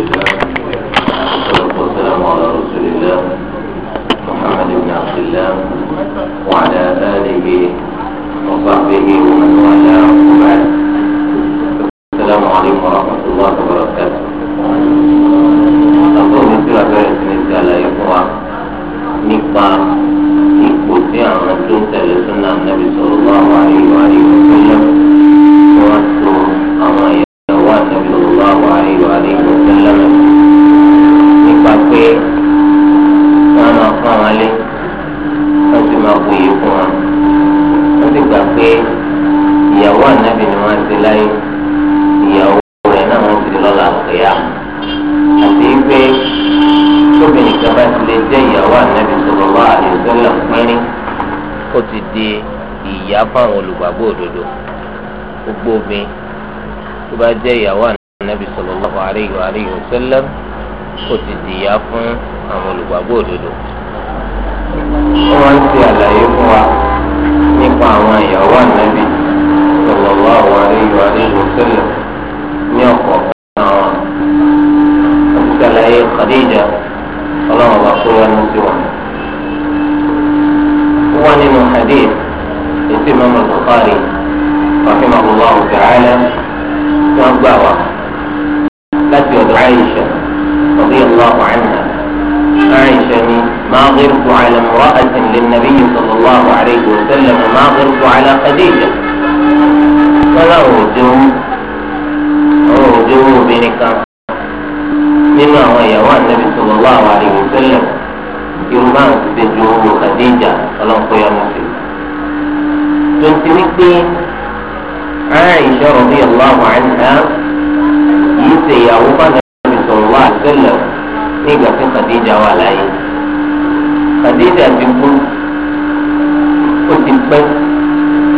Alhamdulillah. jẹ́ ìyàwó النبي صلى الله عليه وسلم ما غرت على خديجه فلا ارجو بنكاح مما هو يوان النبي صلى الله عليه وسلم يوما تجوه خديجه صلى الله عليه وسلم تنتمي عائشه رضي الله عنها يتي يا النبي صلى الله عليه وسلم نيجا خديجه ولا يجي àdéhìí àti burú ó ti pẹ́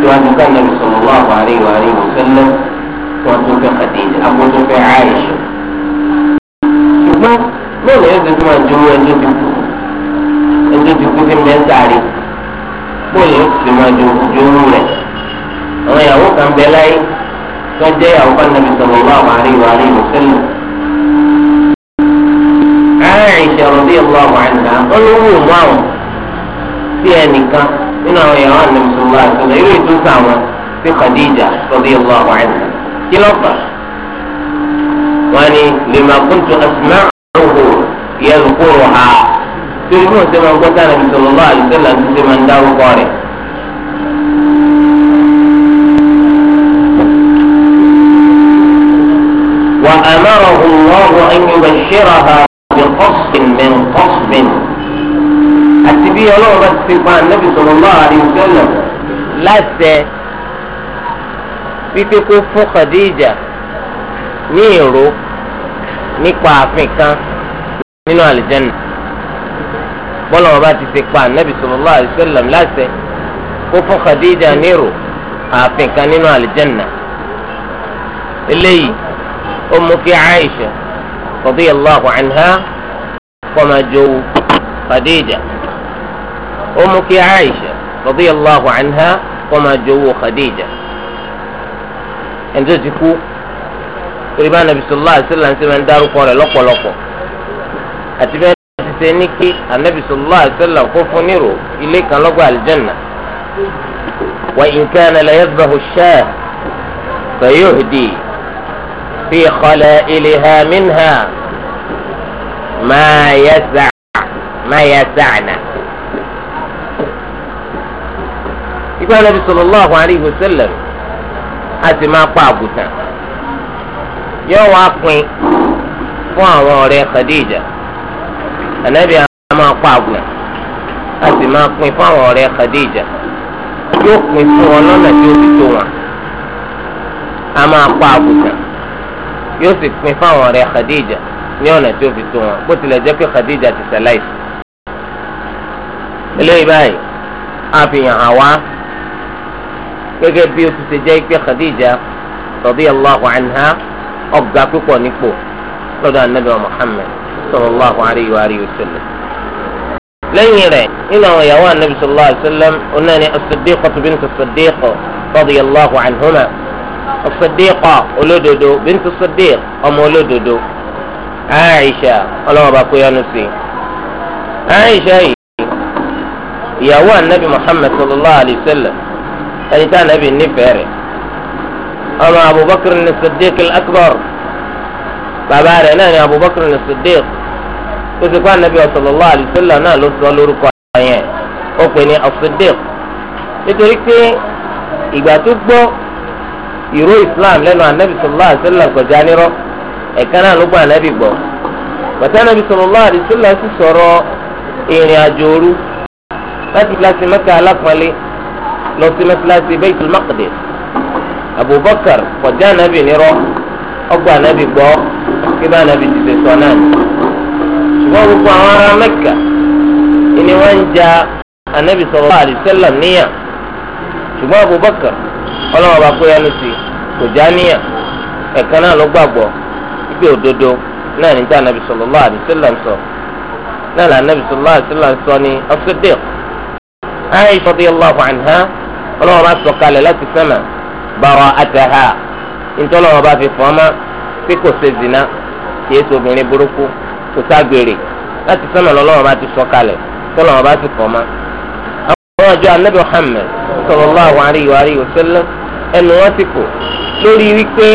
síwájú ká nàbì sallallahu alaihi wa alihi wasallam wọn tó fẹ́ àdéhìí àbó tó fẹ́ Àìṣà. ṣùgbọ́n bẹ́ẹ̀ ni ẹ̀sìn tó máa jó ẹjọ́ ti kú ẹjọ́ ti kú sí mẹ́tàrí bóyá ó sì máa jó ojú rẹ̀ àwọn ìyàwó kan bẹ láyé tó jẹ́ ìyàwó ká nàbì sallallahu alaihi wa alihi wasallam. عائشة رضي الله عنها قال هو ما هو في أنك من هو يا النبي صلى الله عليه وسلم يريد سامة في خديجة رضي الله عنها في لطر واني لما كنت أسمعه يذكرها في الموت من قلت أنا صلى الله عليه وسلم في من داو قارئ وأمره الله أن يبشرها kọ́sìn ní kọ́sìn àti bí ọlọ́run bá ti pa ànábì sallallahu alaihi wasallam láṣẹ wípé kó fún Khadija ní ìró nípa ààfin kan nínú àlìjẹ́nà bọ́lá wọn bá ti ti pa ànábì sallallahu alaihi wasallam láṣẹ kó fún Khadija ní ìró ààfin kan nínú àlìjẹ́nà eléyìí ó mú kí Aisha radiyallahu anha. kọ́má jowú Khadija ó mú kí Aisha radiyallahu anha kọ́má jowú Khadija ẹ̀ńtọ́ ti kú torí bá nàbì sallallahu alaihi wasallam ṣe máa ń dárúkọ rẹ̀ lọ́pọ̀lọpọ̀ àti bẹ́ẹ̀ náà ti ṣe ní kí ànábì sallallahu alaihi wasallam kó fún nírò ilé kan lọ́gbà àlùjànnà wa in kana la yadhbahu ash-shah fayuhdi fi khala'ilha minha. ما يسع ما يسعنا يقول النبي صلى الله عليه وسلم àti máa pa àgùntàn yóò wá pín fún àwọn ọ̀rẹ́ Khadija ànábì àwọn máa pa àgùntàn àti máa pín fún àwọn ọ̀rẹ́ Khadija yóò pín fún wọn lọ́nà tí ó fi tó wọn a máa pa àgùntàn yóò sì pín fún àwọn ọ̀rẹ́ Khadija ní ọ̀nà tí ó fi tó wọn bó tilẹ̀ jẹ́ pé Khadija ti sẹ́láìsì. eléyìí báyìí a fi hàn án wá gẹ́gẹ́ bí o ti ṣe jẹ́ pé Khadija radiyallahu anha ọgbà púpọ̀ nípò lọ́dọ̀ anabi Muhammad sallallahu alayhi wa alihi wa sallam. lẹ́yìn rẹ̀ nínú àwọn ìyàwó anabi sallallahu alayhi wa sallam onáà ni as-siddiqatu bintu as-siddiq anhuma as olódodo bintu as ọmọ olódodo. Aisha ọlọ́wọ́n bá kó yánu sí Aisha yìí ìyàwó anabi Muhammad sallallahu alayhi wa sallam ẹni tí anabi nífẹ̀ẹ́ rẹ̀ ọmọ Abubakar ní Siddiq al-Akbar bàbá rẹ̀ náà ní Abubakar ní Siddiq tó ti kó anabi sallallahu alayhi wa sallam náà ló sọ lórúkọ yẹn ó pè ní as nítorí pé ìgbà tó gbọ́ ìró Islam lẹ́nu anabi sallallahu alayhi wa sallam kọjá nírọ́ ẹ̀ka náà ló gbọ́ ànábì gbọ́ bàtà ànábì sallallahu alaihi wasallam sì sọ̀rọ̀ ìrìn àjò òru láti kíláàsì mẹ́ta alápọ̀nlé lọ sí mẹ́tíláàsì Baitul Maqdis Abubakar kọjá ànábì nírọ́ ọgbà ànábì gbọ́ kí bá ànábì ti ṣe sọ náà ṣùgbọ́n gbogbo àwọn ará Mẹ́kà ni wọ́n ń ja ànábì sallallahu alaihi wasallam níyà ṣùgbọ́n Abubakar ọlọ́wọ́ bá kó yánu sí kò já níyà ẹ̀ka náà ló gbàgbọ́ pé òdodo náà níta anabi sallallahu alaihi wasallam sọ náà là anabi sallallahu alaihi wasallam sọ ní as-Siddiq Aisha radiyallahu anha ọlọ́wọ́ bá sọ kalẹ̀ láti sẹ́mà bara'ataha ntọ́lọ́wọ́ bá fi fọ́ọ́mà pé kò ṣe zina kì í sobìnrin burúkú kò ságbèrè láti sẹ́mà lọ́lọ́wọ́ bá ti sọ kalẹ̀ tọ́lọ́wọ́ bá ti fọ́ọ́mà. àwọn ọjọ́ anabi Muhammad sallallahu alaihi wa sallam ẹnu wọn ti kù lórí wípé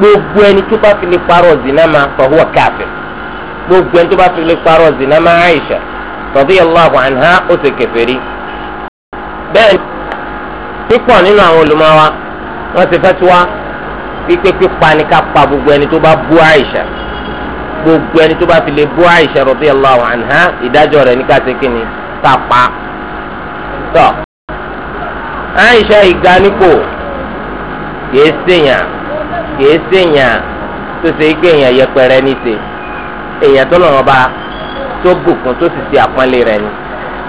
gbogbo ẹni tó bá fi lè parọ́ zina ma fahuwa kafir gbogbo ẹni tó bá fi lè parọ́ zina ma Aisha radiyallahu anha ó ti kèfèrí. bẹ́ẹ̀ pípọ̀ nínú àwọn olùmọ̀wá wọ́n ti fẹ́ tiwa pípé pípa ká pa gbogbo ẹni tó bá bú Aisha gbogbo ẹni tó bá fi lè bú Aisha radiyallahu anha ìdájọ́ rẹ̀ ní ká ṣe ká pa. tọ́ Aisha kìí sèyàn. kìí ṣèyàn tó ṣe é gbé èèyàn yẹpẹrẹ ní ṣe èèyàn tó lọ́wọ́ bá tó bùkún tó sì ṣe àpọ́nlé rẹ̀ ni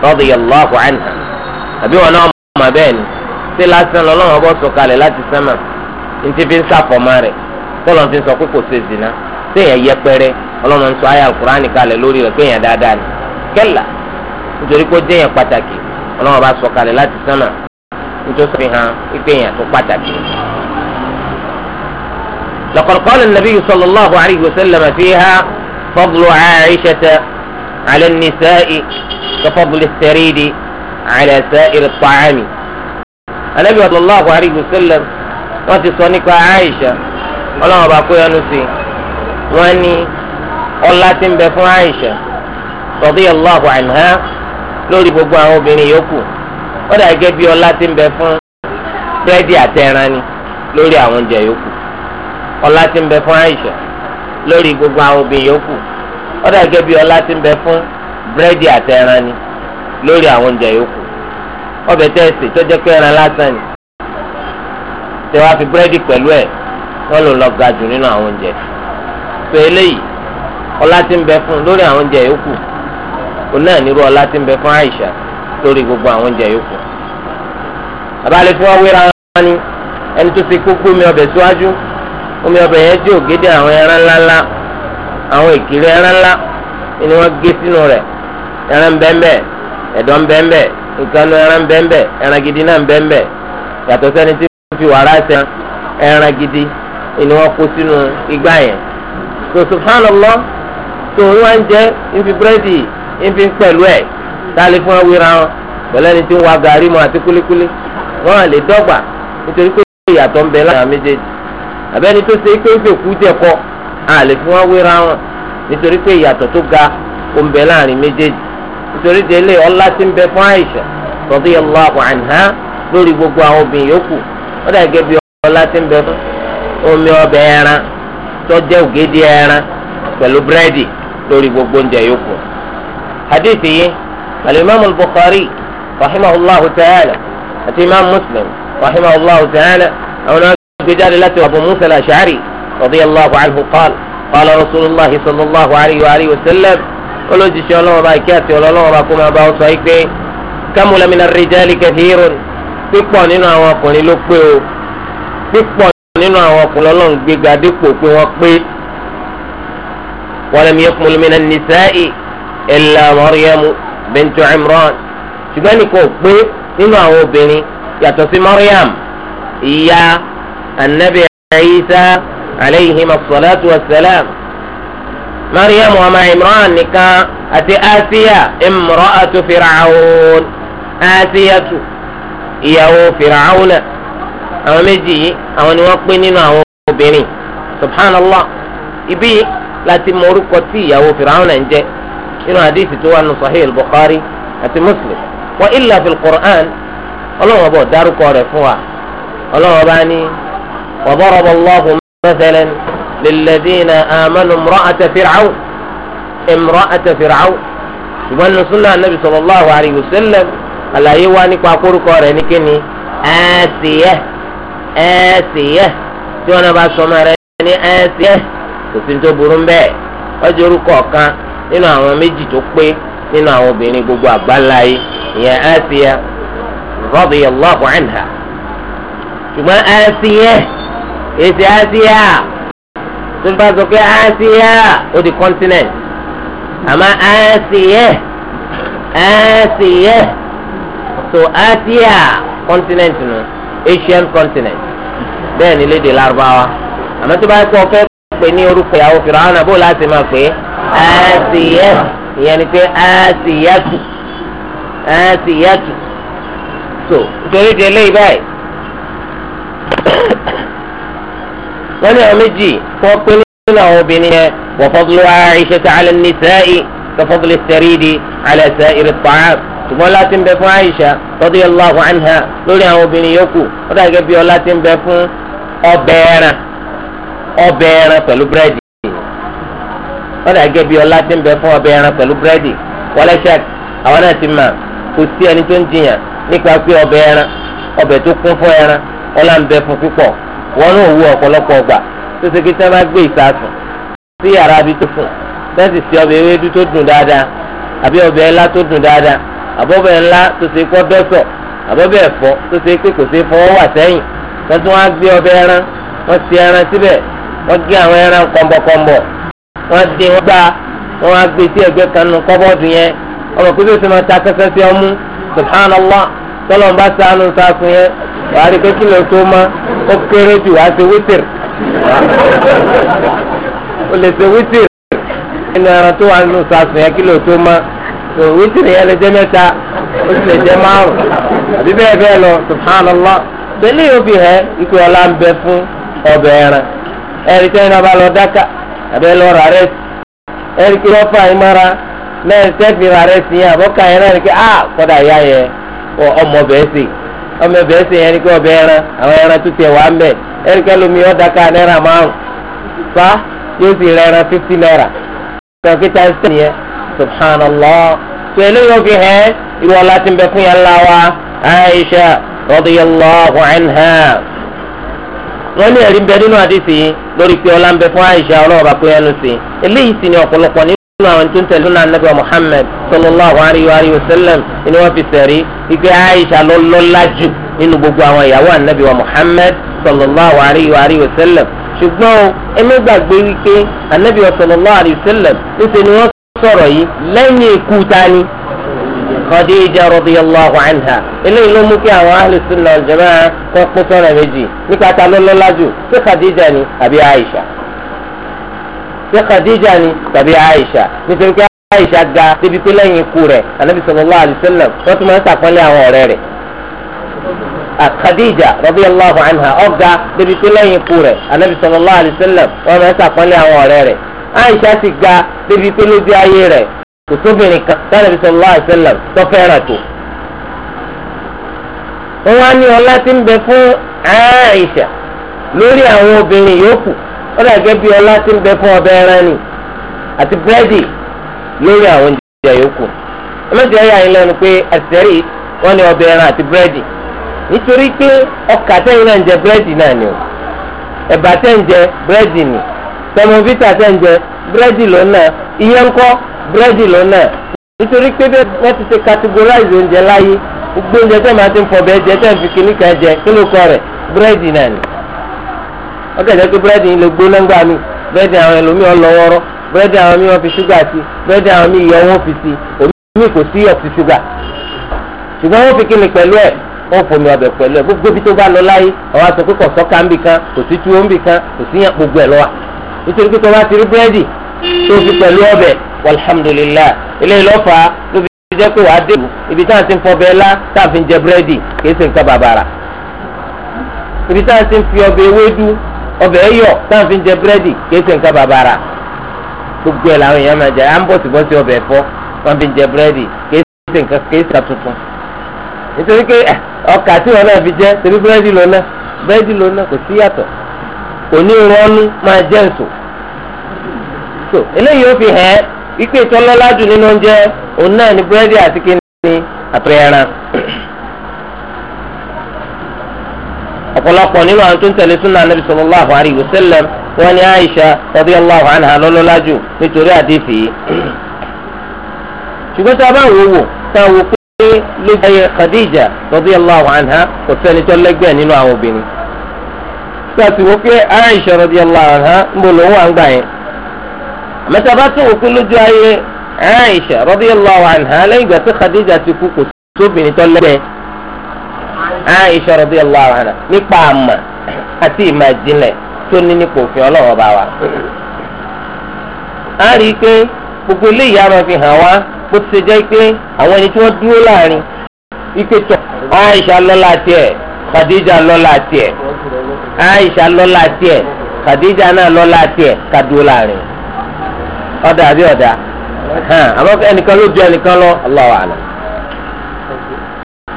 radiyallahu anhu àbí wọn náà mọ̀ bẹ́ẹ̀ ni ṣé lásán lọ́wọ́ bọ́ sọ̀kalẹ̀ láti sánmà ntí fi ń sàfọ̀mọ́ rẹ̀ fi sọ pé kò ṣe zina yẹpẹrẹ ń sọ ayé alukur'ani kalẹ̀ lórí rẹ̀ pé èèyàn dáadáa ni kẹ́là nítorí pé ó jẹ́ pàtàkì bá sọ kalẹ̀ láti nítorí pé èèyàn tó pàtàkì لقد قال النبي صلى الله عليه وسلم فيها فضل عائشة على النساء كفضل الثريد على سائر الطعام النبي صلى الله عليه وسلم wọ́n ti sọ nípa Aisha ọlọ́run ọba kó yanu sí wọ́n ní ọlá tí ń bẹ fún Aisha radiyallahu anha lórí gbogbo àwọn obìnrin yòókù ó dà gẹ́gẹ́ bí ọlá tí ń bẹ fún búrẹ́dì àtẹran ni lórí àwọn oúnjẹ yòókù. ọlá ti ń bẹ fún Aisha lórí gbogbo àwọn obìnrin yòókù ó dà gẹ́gẹ́ bí ọlá ti ń bẹ fún búrẹ́dì àtẹran ni lórí àwọn oúnjẹ yòókù ọbẹ̀ tẹ́sí tó jẹ́ pé ẹran lásán ni tẹ wá fi búrẹ́dì pẹ̀lú ẹ̀ wọ́n lò lọ ga jù nínú àwọn oúnjẹ tó eléyìí ọlá tí ń bẹ fún lórí àwọn oúnjẹ yòókù náà nírú ọlá ń fún Aisha lórí gbogbo àwọn oúnjẹ yòókù fún wọn ni ẹni tó omi ọbẹ̀ yẹn jẹ́ ògédé àwọn ẹran ńláńlá àwọn ìkiri ẹran ńlá ni wọ́n gé sínú rẹ̀ ẹran bẹ́ẹ̀nbẹ́ ẹ̀dọ̀ bẹ́ẹ̀nbẹ́ ìkanu ẹran bẹ́ẹ̀nbẹ́ ẹran gidi náà bẹ́ẹ̀nbẹ́ yàtọ̀ sẹ́ni tí wọ́n fi wàrà ṣe ẹran gidi ni wọ́n kó sínú igbá yẹn so subhanallah so ní wọ́n ń jẹ́ nfi búrẹ́dì nfi pẹ̀lú ẹ̀ táàlì fún wọn wíra wọn pẹ̀lú ẹni tí ń wa gàrí mu àti kúlíkúlí wọ́n lè dọ́gba nítorí pé ìyàtọ̀ ń bẹ láàrin méjèèjì àbẹ́ni tó ṣe pé ó fèkú jẹ̀kọ́ a lè fi wọ́n wéra wọn nítorí pé ìyàtọ̀ tó ga ó ń bẹ láàrin méjèèjì nítorí délé ọlá tí ń bẹ fún Àìṣà radiyallahu anha lórí gbogbo àwọn obìnrin yòókù ó dà gẹ́gẹ́ bí ọlá tí ń bẹ fún omi ọbẹ̀ ẹran tó jẹ́ ògèdè ẹran pẹ̀lú búrẹ́dì lórí gbogbo oúnjẹ yòókù. hadith yìí alimami al-Bukhari ta'ala àti imam Muslim rahimahullahu ta'ala àwọn gbéjáde láti Abu Musa al-Ash'ari radiyallahu anhu qala qala rasulillah sallallahu alayhi wa alihi wa sallam olójijì ọlọ́wọ́ bá ike àti ọlọ́wọ́ bá kó máa bá ọ sọ yìí pé kamula mina rijali kathirun pípọ̀ nínú àwọn ọkùnrin ló pé o pípọ̀ nínú àwọn ọkùnrin ọlọ́run gbéga dípò pé wọ́n pé walam yakmul mina nisa'i illa Maryamu bintu Imran ṣùgbọ́n nìkan ò pé nínú àwọn obìnrin yàtọ̀ sí Maryam ìyá anabi Isa aleyhi masalatu wa salam mariam wa ma imran nìkan àti asiya imra'atu fir'aun asiyatu ìyàwó fir'auna àwọn méjì yìí àwọn ni wọ́n pín nínú àwọn obìnrin subhanallah ibi láti mọ orúkọ tí ìyàwó fir'auna ń jẹ́ nínú àdìsí tó wà nù sahih al-bukhari àti muslim wa illa fi al-qur'an ọlọ́wọ́n bọ̀ dárúkọ rẹ̀ fún wa ọlọ́wọ́n bá ní. وضرب الله مثلا للذين آمنوا امرأة فرعون امرأة فرعون ṣùgbọ́n nínú súnà nàbì sallallahu alayhi wa sallam àlàyé wa nípa akórúkọ rẹ̀ ní kíni Àsíyà Àsíyà tí wọn bá sọmọ rẹ̀ ní Àsíyà kò sí tó burú ń bẹ́ẹ̀ wọ́n ti orúkọ kan nínú àwọn méjì tó pé nínú àwọn obìnrin gbogbo àgbáláyé ìyẹn Àsíyà radiyallahu anha ṣùgbọ́n Àsíyà èsì Asia tó bá sọ pé Asia ó di continent àmọ́ Asia Asia so Asia continent nù Asian continent bẹ́ẹ̀ ni léde Lárúbáwá àmọ́ tó bá sọ fẹ́ pè ní orúkọ ìyàwó Fìràwọ́nà bó láti máa pè é Asia ìyẹn ni pé Asia tù Asia tù so nítorí di eléyìí báyìí wọ́n ní àwọn méjì kí wọ́n pín nínú àwọn obìnrin yẹn wa fadlu Aishata ala nisa'i ka fadli saridi ala sa'iri ta'am ṣùgbọ́n láti ń bẹ fún Aisha radiyallahu anha lórí àwọn obìnrin yòókù ó dàgẹ́ bí ọ láti ń bẹ fún ọbẹ̀ ẹran ọbẹ̀ ẹran pẹ̀lú búrẹ́dì bí ọ láti ń bẹ fún ọbẹ̀ ẹran pẹ̀lú búrẹ́dì àwọn náà ti mà kò sí ẹni tó ń jiyàn nípa pé ọbẹ̀ ẹran tó kún fún ẹran ọlá wọn náà wú ọ̀pọ̀lọpọ̀ ọgbà tó ṣe kí sábà gbé ìsàsùn sí yàrá bí tó fún bẹ́ẹ̀ sì ṣe ọbẹ̀ ewédú tó dùn dáadáa àbí ọbẹ̀ ńlá tó dùn dáadáa àbọ̀bẹ̀ ńlá tó ṣe kọ́ dọ́sọ̀ àbọ̀bẹ̀ ẹ̀fọ́ tó ṣe pé kò ṣe fọwọ́ wà sẹ́yìn wọ́n tún wá gbé ọbẹ̀ ẹran wọ́n ti ẹran síbẹ̀ gé àwọn ẹran kọ̀m̀bọ̀kọ̀m̀bọ̀ gbá wá gbé sí ẹgbẹ́ kan yẹn ọmọ tọ́lọ́n bá sànù sáfún yẹn wàá rí pé kí tó má ó kéré jù wá sí wítìr ó lè ṣe wítìr nínú ẹran tó wà nínú sáfún yẹn kí ló tó má tó wítìr yẹn lè jẹ́ mẹ́ta ó sì lè jẹ́ márùn àbí bẹ́ẹ̀ bẹ́ẹ̀ lọ subhanallah yóò fi hẹ́ ikú ọlá ń bẹ fún ọbẹ̀ ẹran bá lọ àbẹ́ lọ rà ọmọ bẹ́ẹ̀ sè ọmọ bẹ́ẹ̀ sè yẹn ni pé ọbẹ̀ ẹran àwọn ẹran tó tiẹ̀ wá ń bẹ̀ ẹ̀ríkẹ́ lomi ọ̀dàkà náírà márùn fa yóò sì rẹ fifty naira sọ nke tá a sẹ́yìn yẹn na tó eléyìí ti bẹ fún yẹn wa Aisha nínú àwọn tó ń tẹ̀lé náà nàbí Muhammad sallallahu alayhi wa sallam ni wọ́n fi sẹ̀rí ike Aisha ló lọ́lá jù nínú gbogbo àwọn ìyàwó ànábì wa Muhammad sallallahu alayhi wa sallam ṣùgbọ́n o ẹni gbàgbé wípé ànábì wa sallallahu alayhi wa sallam níṣe ni wọ́n sọ̀rọ̀ yìí lẹ́yìn ikú tani Khadija radiyallahu anha eléyìí ló mú kí àwọn ahlus sunnah wal kọ́ pín méjì nípa ta ló lọ́lá jù ṣé Khadija ni àbí Aisha ṣé Khadija ni tàbí Aisha nítorí pé Aisha ga débi pé lẹ́yìn ikú rẹ̀ anabi sallallahu alayhi wa sallam wọ́n tún máa ń sàpọ́nlé àwọn ọ̀rẹ́ rẹ̀ Khadija radiyallahu anha ọ̀gá débi pé lẹ́yìn ikú rẹ̀ anabi sallallahu alayhi wa sallam wọ́n máa ń sàpọ́nlé àwọn ọ̀rẹ́ rẹ̀ Aisha sì ga débi pé lójú ayé rẹ̀ kò sóbìnrin kan tánàbí sallallahu alayhi wa tó fẹ́ràn tó wọ́n wá ní ọlá tí ń bẹ fún Aisha lórí àwọn obìnrin yòókù ó dà gẹ́gẹ́ bí ọlá tí ń bẹ fún ọbẹ̀ ẹran ni àti búrẹ́dì lórí àwọn oúnjẹ yòókù ọlọ́dẹ ẹ̀yà yín lẹ́nu pé ẹ̀sẹ̀rì wọ́n ní ọbẹ̀ ẹran àti búrẹ́dì nítorí pé ọkà tẹ́yìn ni o ẹ̀bà tẹ́ ń jẹ búrẹ́dì ni tẹmọfítà tẹ́ ń jẹ búrẹ́dì ló náà nkọ búrẹ́dì ló náà nítorí pé wọ́n ti ṣe categorize oúnjẹ láyé gbogbo oúnjẹ tẹ́ máa ti ń jẹ tẹ́ ń fi kíníkà jẹ rẹ̀ ọkẹjẹ pé búrẹ́dì yìí lè gbóná ńgbà mí búrẹ́dì àwọn ẹlòmíì ọlọwọrọ búrẹ́dì àwọn míì wọ́n fi ṣúgà sí búrẹ́dì àwọn míì yọ wọ́n fi sí omi kò sí ọ̀fi ṣúgà ṣùgbọ́n wọ́n fi kíni pẹ̀lú ẹ̀ wọ́n fomi ọbẹ̀ pẹ̀lú ẹ̀ gbogbo ibi tó bá lọ láyé àwọn aṣọ pé kò sọ́ka ń bì kan kò sí tuwo ń bì kan kò sí yàn gbogbo ẹ̀ lọ́wọ́ nítorí pé tó bá ti rí búrẹ́dì tó fi pẹ̀lú ọbẹ̀ walhamdulilayi eléyìí lọ́fà ló fi jẹ́ pé wàá dé ibi táwọn ti ń fọ bẹ́ẹ̀ lá táwọn fi ń jẹ búrẹ́dì kì í ṣe nǹkan bàbàrà ibi táwọn ti ń fi ọbẹ̀ ewédú ọbẹ̀ ẹ̀yọ̀ táwọn fi ń jẹ búrẹ́dì kéésì nǹkan bàbàrà gbogbo ẹ̀ làwọn èèyàn máa jẹ à ń bọ̀ síbọ̀ sí ọbẹ̀ ẹ̀fọ́ táwọn fi ń jẹ búrẹ́dì kéésì nǹkan kéésì tuntun nítorí pé eh, ọkà tí wọn náà fi jẹ torí búrẹ́dì lọ náà búrẹ́dì lọ náà kò sí yàtọ̀ kò ní rọ́ọ̀nù máa jẹ́ nsò so eléyìí ó fi hẹ́ ikpe tọ́lọ́lá jù nínú oúnjẹ òun náà ni búrẹ́dì àti kíni àtọ̀yẹ̀ràn ọ̀pọ̀lọpọ̀ nínú àwọn tó ń tẹ̀lé súnà anabi sallallahu alayhi wa sallam wọn ni aisha radiyallahu anha lọ́lọ́lá jù nítorí àdéfì yìí. ṣùgbọ́n tí a bá wò wò tá a wò pé lójú ayé khadija radiyallahu anha kò sẹ́ni tó lẹ́gbẹ̀ẹ́ nínú àwọn obìnrin. tí a sì wò pé aisha radiyallahu anha ń bò lòun wà ń gbà yẹn. àmọ́tá bá tó wò pé lójú ayé aisha radiyallahu anha lẹ́yìn Aisha radiyallahu anha nípa àmà ati ìmọ̀ ìjìnlẹ̀ tó ní nípa òfin bá wa. a rí i pé gbogbo eléyìí a máa fi hàn wá bó ti ṣe jẹ́ pé àwọn ẹni tí wọ́n dúró láàrin ike tọ̀ Aisha lọ́la tiẹ̀ Khadija lọ́la tiẹ̀ Aisha lọ́la tiẹ̀ kadija náà lọ́la tiẹ̀ kàdúró láàrin ọ̀dà àbí ọ̀dà àmọ́ ẹnìkan ló ju ẹnìkan lọ Allahu a'lam.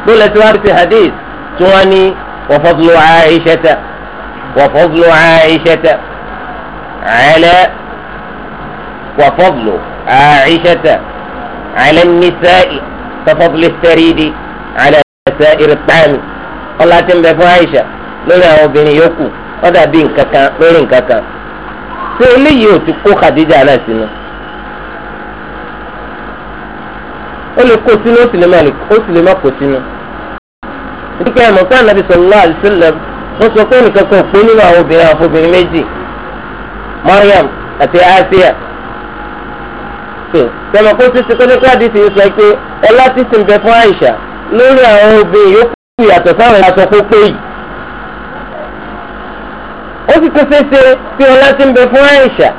bó lẹ́tí wá ti hadith. tí wọ́n ní wafadlu Aishata wafadlu Aishata ala wafadlu Aishata ala nisa'i kafadlu saridi ala sa'ir ta'ami ọlá tí ń bẹ fún Aisha lórí àwọn obìnrin yòókù ó dàbí nǹkan kan lórí nǹkan kan ṣé eléyìí ò ti kó Khadija náà sínú. ó lè kó sínú ó sì lè má kó sínú nítorí ẹ̀ mọ̀ká nàbí sallallahu alaihi wasallam wọ́n sọ pé nìkan kan pé nínú àwọn obìnrin àwọn obìnrin méjì Mariam àti Asiya tó sọmọ kó títí kọ́lẹ́kọ́ àdìsí yìí sọ pé ọlá títí ń bẹ fún Àìṣà lórí àwọn obìnrin yòókù yàtọ̀ sáwọn ìyàtọ̀ kó pé yìí ó sì tún ṣeéṣe pé ọlá ti ń bẹ fún Àìṣà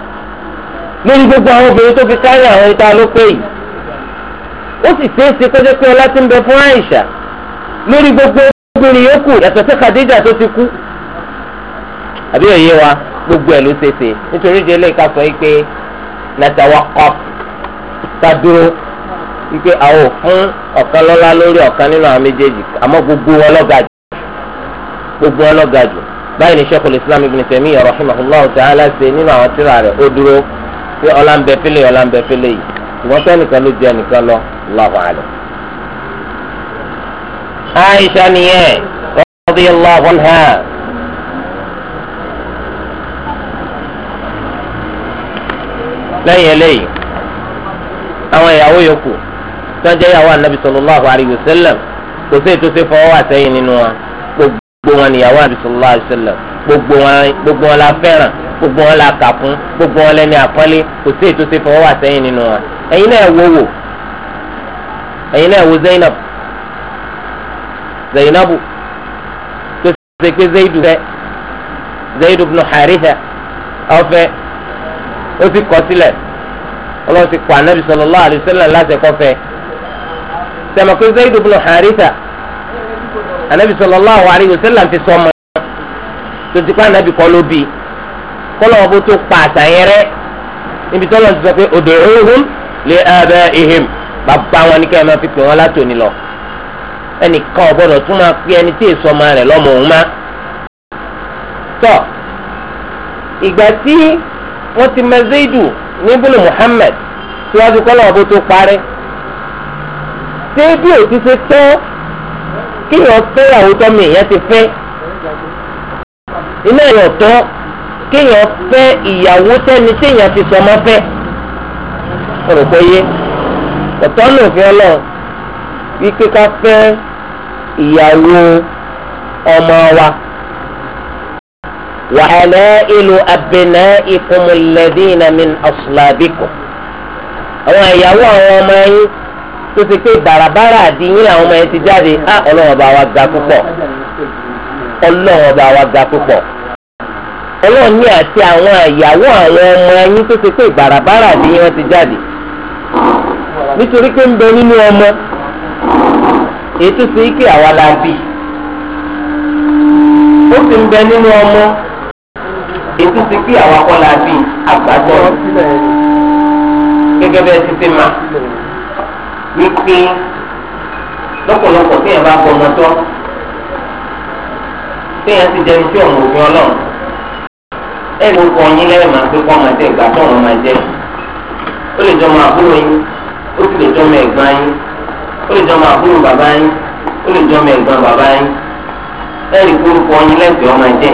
lórí gbogbo àwọn obìnrin tó fi kárí àwọn ìta ló pé yìí ó sì ṣeéṣe kó jẹ́ ọlá ti ń bẹ fún Àìṣà lórí gbogbo obìnrin yòókù yàtọ̀ sí Khadija tó ti kú àbí òye wa gbogbo ẹ̀ ló ṣeṣe nítorí délé ká sọ pé natawakọf ká dúró wípé àwọn ò fún ọ̀kan lọ́lá lórí ọ̀kan nínú àwọn méjèèjì àmọ́ gbogbo wọn jù gbogbo jù báyìí ní Islam Ibn Taymiyyah rahimahullahu ta'ala ṣe nínú àwọn tírà rẹ̀ ó dúró pé ọlá ń bẹ fílẹ̀ ọlá ń bẹ fílẹ̀ yìí ṣùgbọ́n aisha nìyẹn radiyallahu anha. lẹ́yìn eléyìí àwọn ìyàwó yòókù tó ń jẹ́ ìyàwó anabi sallallahu alayhi wa sallam kò sí ètò ìfẹ́ fọwọ́ àtẹ́yìn nínú wa gbogbo wọn ni ìyàwó anabi sallallahu alayhi wa sallam gbogbo wọn la fẹ́ràn gbogbo wọn la kà fún gbogbo wọn lẹ́ni àpọ́nlé kò sí ètò ìfẹ́ fọwọ́ àtẹ́yìn nínú wa ẹ̀yin náà wò wò ẹ̀yin náà wò Zainab zainabu tó ṣe pé zaidu fẹ́ zaidu ibn haritha ọfẹ ó sì kọ sílẹ̀ ọlọ́run ti kọ́ anabi sallallahu alaihi wasallam láti ẹ̀kọ́ fẹ́ sẹ́mi pé zaidu ibn haritha anabi sallallahu alaihi wasallam ti sọmọ tó ti pa anabi kọ́ ló bí kọ́lọ́ bó tó pa àtàyẹrẹ níbi tọ́lọ́ ti sọ pé ud'uhum li aba'ihim bàbá wọn ni kẹ́ ẹ máa fi pè wọ́n látòní lọ ẹnìkan ọ̀gbọ́dọ̀ tún máa pe ẹni tí èso ọmọ rẹ̀ lọ́mọ òun má. tọ́ ìgbà tí wọ́n ti mọ Zaidu níbùlù Muhammad síwájú kọ́lọ̀ ọ̀bọ tó parí ṣé bí òtún ṣe tọ́ kéèyàn fẹ́ àwùjọ mi èèyàn ti fẹ́ iná èèyàn tọ́ kéèyàn fẹ́ ìyàwó tẹ́ni téèyàn ti sọmọ fẹ́. ọ̀rọ̀ pé yé ọ̀tọ́ nù fi ọlọ́run wípé ká fẹ́ ìyàwó ọmọ wa. وحلائل أبنائكم الذين من أصلابكم àwọn ìyàwó àwọn ọmọ yín tó ti pé bàràbàrà àdìyín àwọn ọmọ yẹn ti jáde á ọlọ́wọ́n bá wa ga púpọ̀ ọlọ́wọ́n bá wa ga púpọ̀ ọlọ́wọ́n ní àti àwọn ìyàwó àwọn ọmọ yín tó ti pé bàràbàrà àdìyín wọn ti jáde nítorí pé ń bẹ nínú ọmọ ètò sí ike àwa la bì ó sì ń bẹ nínú ọmọ ètò ike àwa kọ́ la bí àgbàdo gẹ́gẹ́ bẹ́ẹ̀ ti ma wípé lọ́pọ̀lọpọ̀ téèyàn bá bọ ọmọ tọ́ téèyàn ti jẹun tí ọ̀hún òfin ọlọ́run ẹ̀ ló kọ́ yín lẹ́yìn máa pé kọ́ ọmọ tẹ̀ gbà tó ọ̀hún máa jẹ ó lè jọ ọmọ ó sì lè jọ ó lè jọmọ àbúrò bàbá yín ó lè jọmọ ẹ̀gbọ́n bàbá yín ẹ̀rí kórúkọ yín lẹ́gbẹ̀ẹ́ ọmọ ẹ̀jẹ̀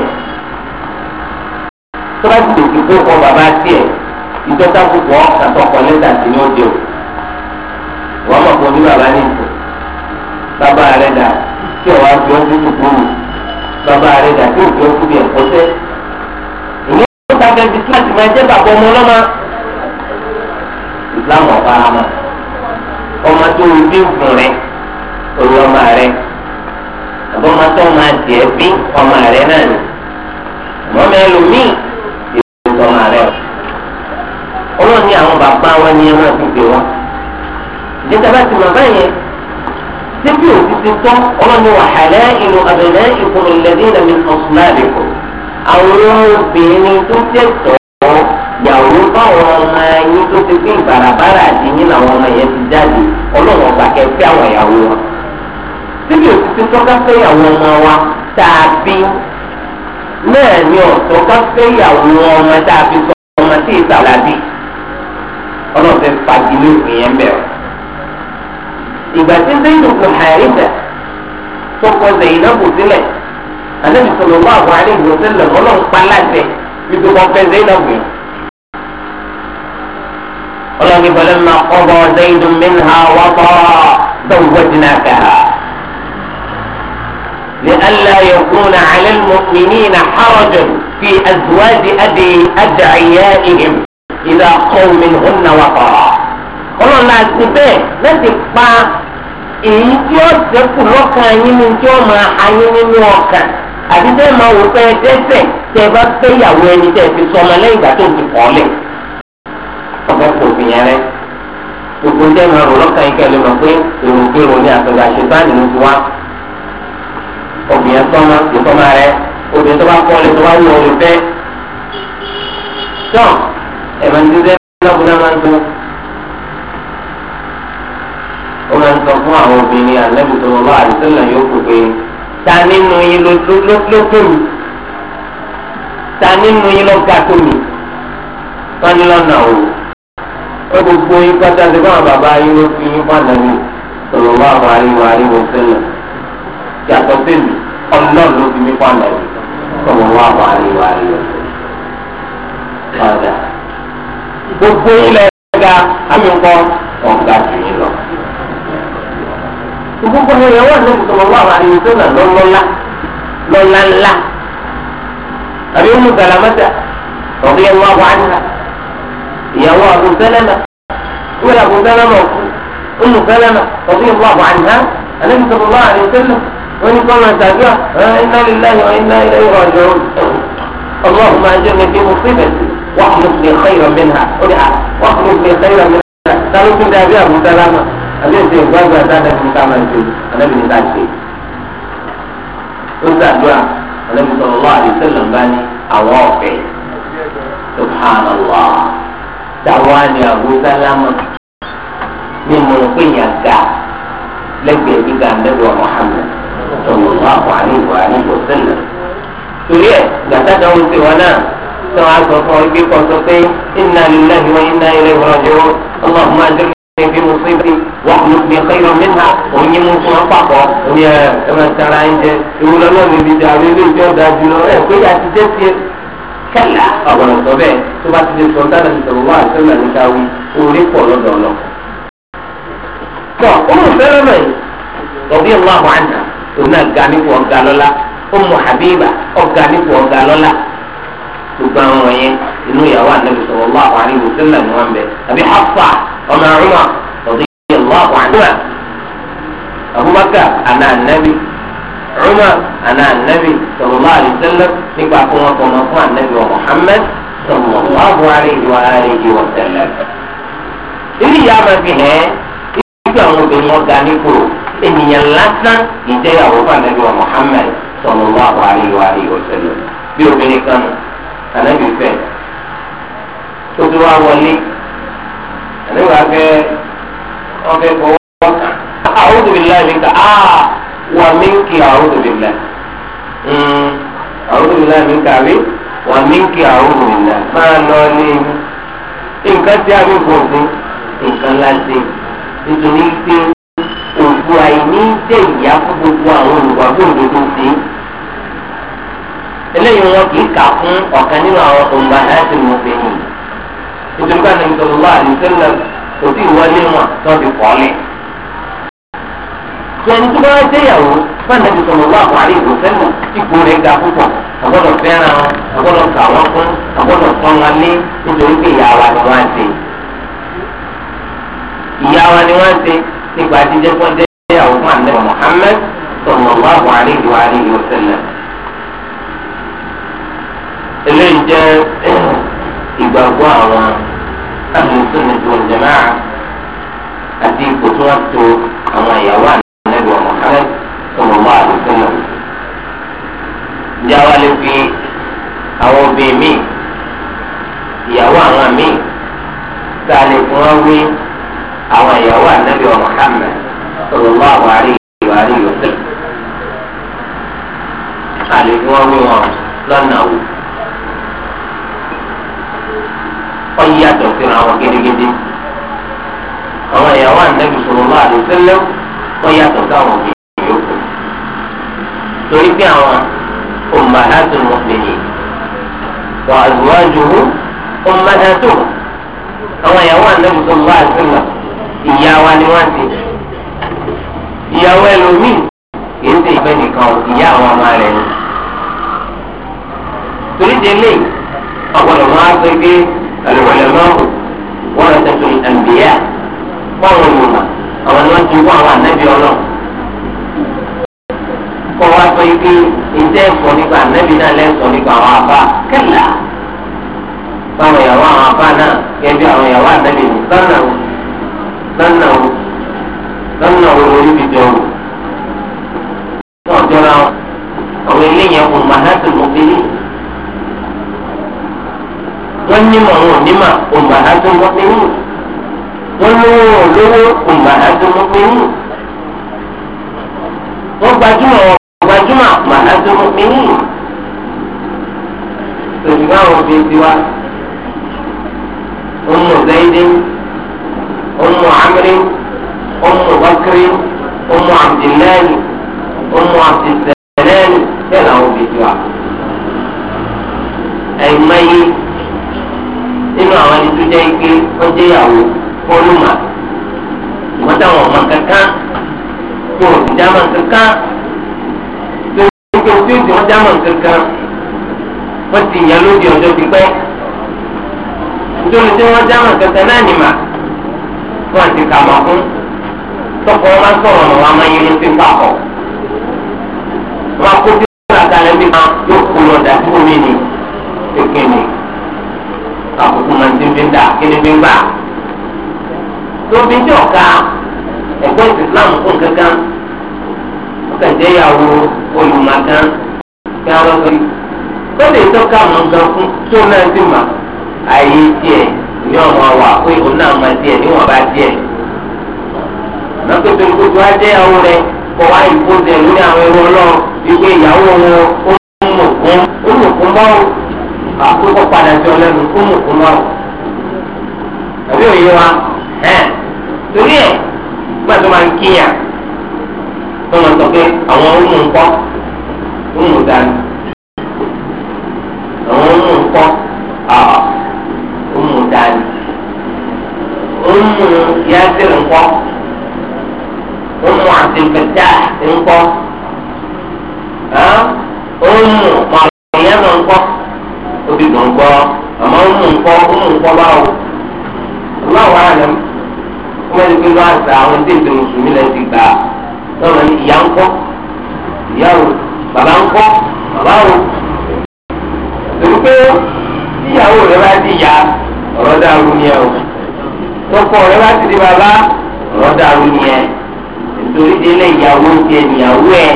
tó bá ti tètè kórúkọ bàbá tiẹ̀ ìjọba púpọ̀ kàtọ́kọ lẹ́tà sí ní òde o wọ́n mọ̀ pé oní bàbá ní ìsìn bàbá rẹ̀ dà kí ọ̀wá fi ọdún tuntun mi bàbá rẹ̀ dà kí òjò kú bí ẹ̀kọ́ sẹ́ ìyẹn ló ta gẹ́gẹ́ bí kíláàsì máa jẹ́ bàbá ọmọ ọlọ́mọ ọmọ tó o bí fún rẹ olú ọmọ rẹ àbọ̀mọ tó máa tiẹ̀ bí ọmọ rẹ náà ni mọ́mọ́ ẹlòmíì ìwé ọmọ rẹ o ọlọ́run ní àwọn bàbá wọn ní ẹran ìdíje wọn níta bá ti bàbá yẹn síbi òbí ti tọ́ ọlọ́run ní wàhálẹ́ ìlú àbẹ̀lẹ́ ìkùnrin lẹ́dí ìlànà ọ̀sùnmáàdìkù àwọn obìnrin tó tẹ̀tọ̀ àwọn ọmọ yín tó ti fi ìbàràbàrà àti yín làwọn ọmọ yẹn ti jáde ọlọ́run ọba kẹfẹ́ àwọn ìyàwó wọn. síbi òtítí tọ́ka fẹ́ ọmọ wa tàbí náà ni ọ̀tọ́ ká fẹ́ ìyàwó ọmọ tàbí sọ ọmọ tí ì ọlọ́run fẹ́ fagilé òfin yẹn bẹ̀rẹ̀. ìgbà tí tó kọ náà kò sílẹ̀ àlẹ́ fi ọlọ́run ìbọn lẹ́nu máa kọ́bọ̀ zayidu minha wọ́pọ̀ zawwajnakaha. لئلا يكون على المؤمنين حرج في أزواج أدي أدعيائهم إذا قوم منهن وطرا ọlọ́run náà ti bẹ́ẹ̀ láti pa èyí tí ó dẹ́kun lọ́kàn yín ni tí ó máa ayé nínú ọkàn àti tẹ́ máa wò pé ẹ dẹ́ṣẹ̀ tẹ́ bá fẹ́ ẹni tẹ́ fi sọmọ lẹ́yìn ìgbà tó ti kọ́ lẹ̀. gbogbo ń tẹ́lẹ̀ rọ lọ́kàn yín kẹ́lẹ́ mọ̀ pé èrò kérò ní àtọ̀gà ṣètánì ló ti wá obìnrin tọ́mọ ìtọ́mọ rẹ obìnrin tó bá kọ́ lé tó bá wù ọ́ lè fẹ́ tán ẹ̀mọ̀ ní tẹ́ lọ́kùnrin máa ń tó ó máa ń sọ fún àwọn obìnrin àlẹ́bí tó lọ́wọ́ àdìsílẹ̀ yóò kó pé ta nínú yín ló ta nínú yín ló mi tán lọ́nà òwò ẹ gbogbo yín pátá ṣe fún àwọn bàbá yín ló fi yín pàdé mi sọ̀rọ̀ wá àwọn àríwá àríwá sẹ́lẹ̀ yàtọ̀ sẹ́mi ọlọ́run ló fi mí pàdé mi sọ̀rọ̀ wá àwọn àríwá àríwá sẹ́lẹ̀. gbogbo yín lẹ ga àmì ńkọ ọ̀gá jù yín lọ. gbogbo yín lẹ wà ní sọ̀rọ̀ wá àwọn àríwá sẹ́lẹ̀ lọ́lọ́lá lọ́lá ńlá àbí ó mú sàlámẹ́tà ọ̀gbìn ìyàwó Abu Salama wọ́n Abu Salama ọ̀kú Ummu Salama ọ̀bí ìlú àwọn àná àlejò tó bọ̀ àlejò tẹ́lẹ̀ wọ́n ní kọ́mọ̀ ìtàgbà inna lillahi wa inna ilayhi raji'un اللهم أجرني في مصيبتي واخلف لي خيرا منها واخلف لي خيرا منها قالوا كنت أبي أبو سلامة أبي سيد وأبو أسادة كنت أعمل فيه أنا بني ذاك شيء قلت أدعى النبي صلى الله عليه وسلم بني أوافي سبحان الله táwa ni àwo sálámà ní mo ń pè yàn ga lẹ́gbẹ̀ẹ́ gíga lẹ́gbẹ̀ẹ́ Muhammad sallallahu alaihi wa alihi wa sallam. torí ẹ̀ gbàtàkà ó ti wọn náà tí wọn á sọ fún ọ ibi kan sọ pé inna lillahi wa inna ilaihi raji'un Allahumma ajirni fi musibati wa akhlifni khayran minha òun yín mú fún ọ papọ̀ òun yẹ ẹ ẹ máa tara ẹ jẹ ìwúlọ́lọ́ mi bi dàrú ilé ìjọ dájú ẹ pé àtijọ́ tiẹ̀ kálá àwọn ọ̀sọ́ bẹ́ẹ̀ tó bá ti lè sọ dáná ní sọ̀rọ̀ wá àtẹ́lẹ̀ ní káwí orí pọ̀ lọ́dọ̀ lọ. tọ́ ọmọ fẹ́rẹ́ mọ̀ yìí rọ̀bí ọ̀la àwọn àná òun náà ga nípò ọ̀gá lọ́lá ọmọ Habiba ọ̀gá nípò ọ̀gá lọ́lá gbogbo àwọn wọ̀nyẹn inú ìyàwó ànábi sọ̀rọ̀ wá àwọn àríwò sílẹ̀ ní wọn bẹ̀ àbí Hafsa ọmọ àrùn Umar àná ànábì sallallahu alaihi wasallam nípa kó wọn kọ wọn fún ànábì wa Muhammad sallallahu alaihi wa alihi wa sallam. ilé ìyá máa fi hẹ́ nígbà àwọn obìnrin wọn ga nípò ènìyàn lásán ìjẹyàwó fún ànábì wa Muhammad sallallahu alaihi wa alihi wa sallam bí obìnrin kan ànábì fẹ́ tó tó wá wọlé ànábì wa fẹ́ ọfẹ́ fọwọ́ kàn áwọn obìnrin láì lè ta áà wa minki a'udhu billah hmm. a'udhu billah mi kàwé wa minki a'udhu billah máa lọ ní nǹkan tí a fi gùn fún nǹkan láti nítorí pé òkú àìní jẹ́ ìyá fún gbogbo àwọn olùgbàgbọ́ òdodo sí eléyìí wọn kì í kà fún ọ̀kan nínú àwọn ọ̀gbà láti mú bẹ́ẹ̀ ni nítorí pé àná ìtọ́jú wa àdìsẹ́lẹ̀ kò sí ìwọlé wọn tó fi kọ́ lẹ̀ sẹ́ni tó bá dé ìyàwó fẹ́ẹ́ nàbí sọ̀rọ̀ wà wà ní ìbò sẹ́nu ipò rẹ̀ ga púpọ̀ àgbọ̀dọ̀ fẹ́ràn wọn àgbọ̀dọ̀ kà wọ́n fún àgbọ̀dọ̀ fún wọn ní nítorí pé ìyá wa ni wọ́n ṣe. ìyá wa ni wọ́n ṣe nípa jíjẹ́ fún dé fún àlẹ́ Muhammad sọ̀rọ̀ wà wà ní ìbò àní ìbò sẹ́nu. eléyìí jẹ́ ìgbàgbọ́ àwọn àmì ìsúnnìtò ìjẹ̀máà àti ipò tí wọ́n àdúgbò Muhammad sọ̀rọ̀ mọ́ àdúgbò náà. ìyáwó alẹ́ fi àwọn obìnrin míì ìyàwó àwọn míì tá a lè fún wọn wí àwọn ìyàwó ànábì Muhammad sọ̀rọ̀ mọ́ àwọn àríyìn àríyìn òfin. a lè fún wọn wí wọn lọ́nà wò. wọ́n yí síra wọn gidigidi. àwọn ìyàwó ànábì sọ̀rọ̀ mọ́ àdúgbò náà wọ́n yàtọ̀ sáwọn òbí yòókù torí pé àwọn ummahatul mu'minin wa azwajuhu ummahatuhum àwọn ìyàwó Ànábì sallallahu alaihi wasallam ìyá wa ni wọ́n ti ìyàwó ẹlòmíì kìí ṣe ìfẹ́ nìkan ìyá àwọn ọmọ rẹ̀ ni torí délé ọ̀pọ̀lọpọ̀ wọn á sọ àlùwẹ̀lẹ̀ náà wọ́n rẹ̀ tẹ̀sán ìtàǹbíyà fáwọn olùmọ̀ àwọn ni wọ́n ti wọ́n àwọn ànábì ọlọ́run kọ́ wa sọ yìí pé ìdẹ́ ẹ̀kọ́ nípa ànábì náà lẹ́sọ̀ nípa àwọn àbá kẹ́là báwọn ìyàwó àwọn àbá náà kẹ́bí àwọn ìyàwó ànábì ní lọ́nà o lọ́nà o lọ́nà o lórí fi jọ o náà jọra o àwọn eléyàn kò máa láti wọn ní mà kò máa láti mú bíi wọ́n lówó olówó màhàdùmù mìíní. wọ́n gbajúmọ̀ wọ́n gbajúmọ̀ màhàdùmù mìíní. tòṣùgbọ́n àwọn ti wá. tó lè tọ́ka àwọn gan fún tó náà sì mà ayé díẹ̀ ní ọmọ wa pé òun náà máa díẹ̀ níwọ̀n bá díẹ̀. lọ́pẹ̀tẹ̀ kọ̀ wá lórí àwọn ẹ̀rọ ọlọ́run wípé ìyàwó wọn ó ó báwò àkókò padà ó báwò. òye wa kọ́ ọmọ dání ọmọ yasir ńkọ́ ọmọ àtẹnpẹtà ńkọ́ ọmọ mọ̀lẹ́yẹmọ ńkọ́ obì gbọ̀n gbọ́ àmọ́ ọmọ ńkọ́ ọmọ ńkọ́ báwo ọlọ́wọ́ àlẹ́ ọmọ ẹni pé lọ́wọ́ àṣà àwọn ẹni tètè mùsùlùmí lẹ́yìn ti gbà lọ́wọ́ ìyá ńkọ́ ìyá wo bàbá ńkọ́ bàbá wo pé tíyàwó rẹ bá di ìyá ọ̀rọ̀ dàrú ni ẹ o tọkọ rẹ bá ti di bàbá ọ̀rọ̀ dàrú ni ẹ nítorí délé ìyàwó ti ẹ níyàwó ẹ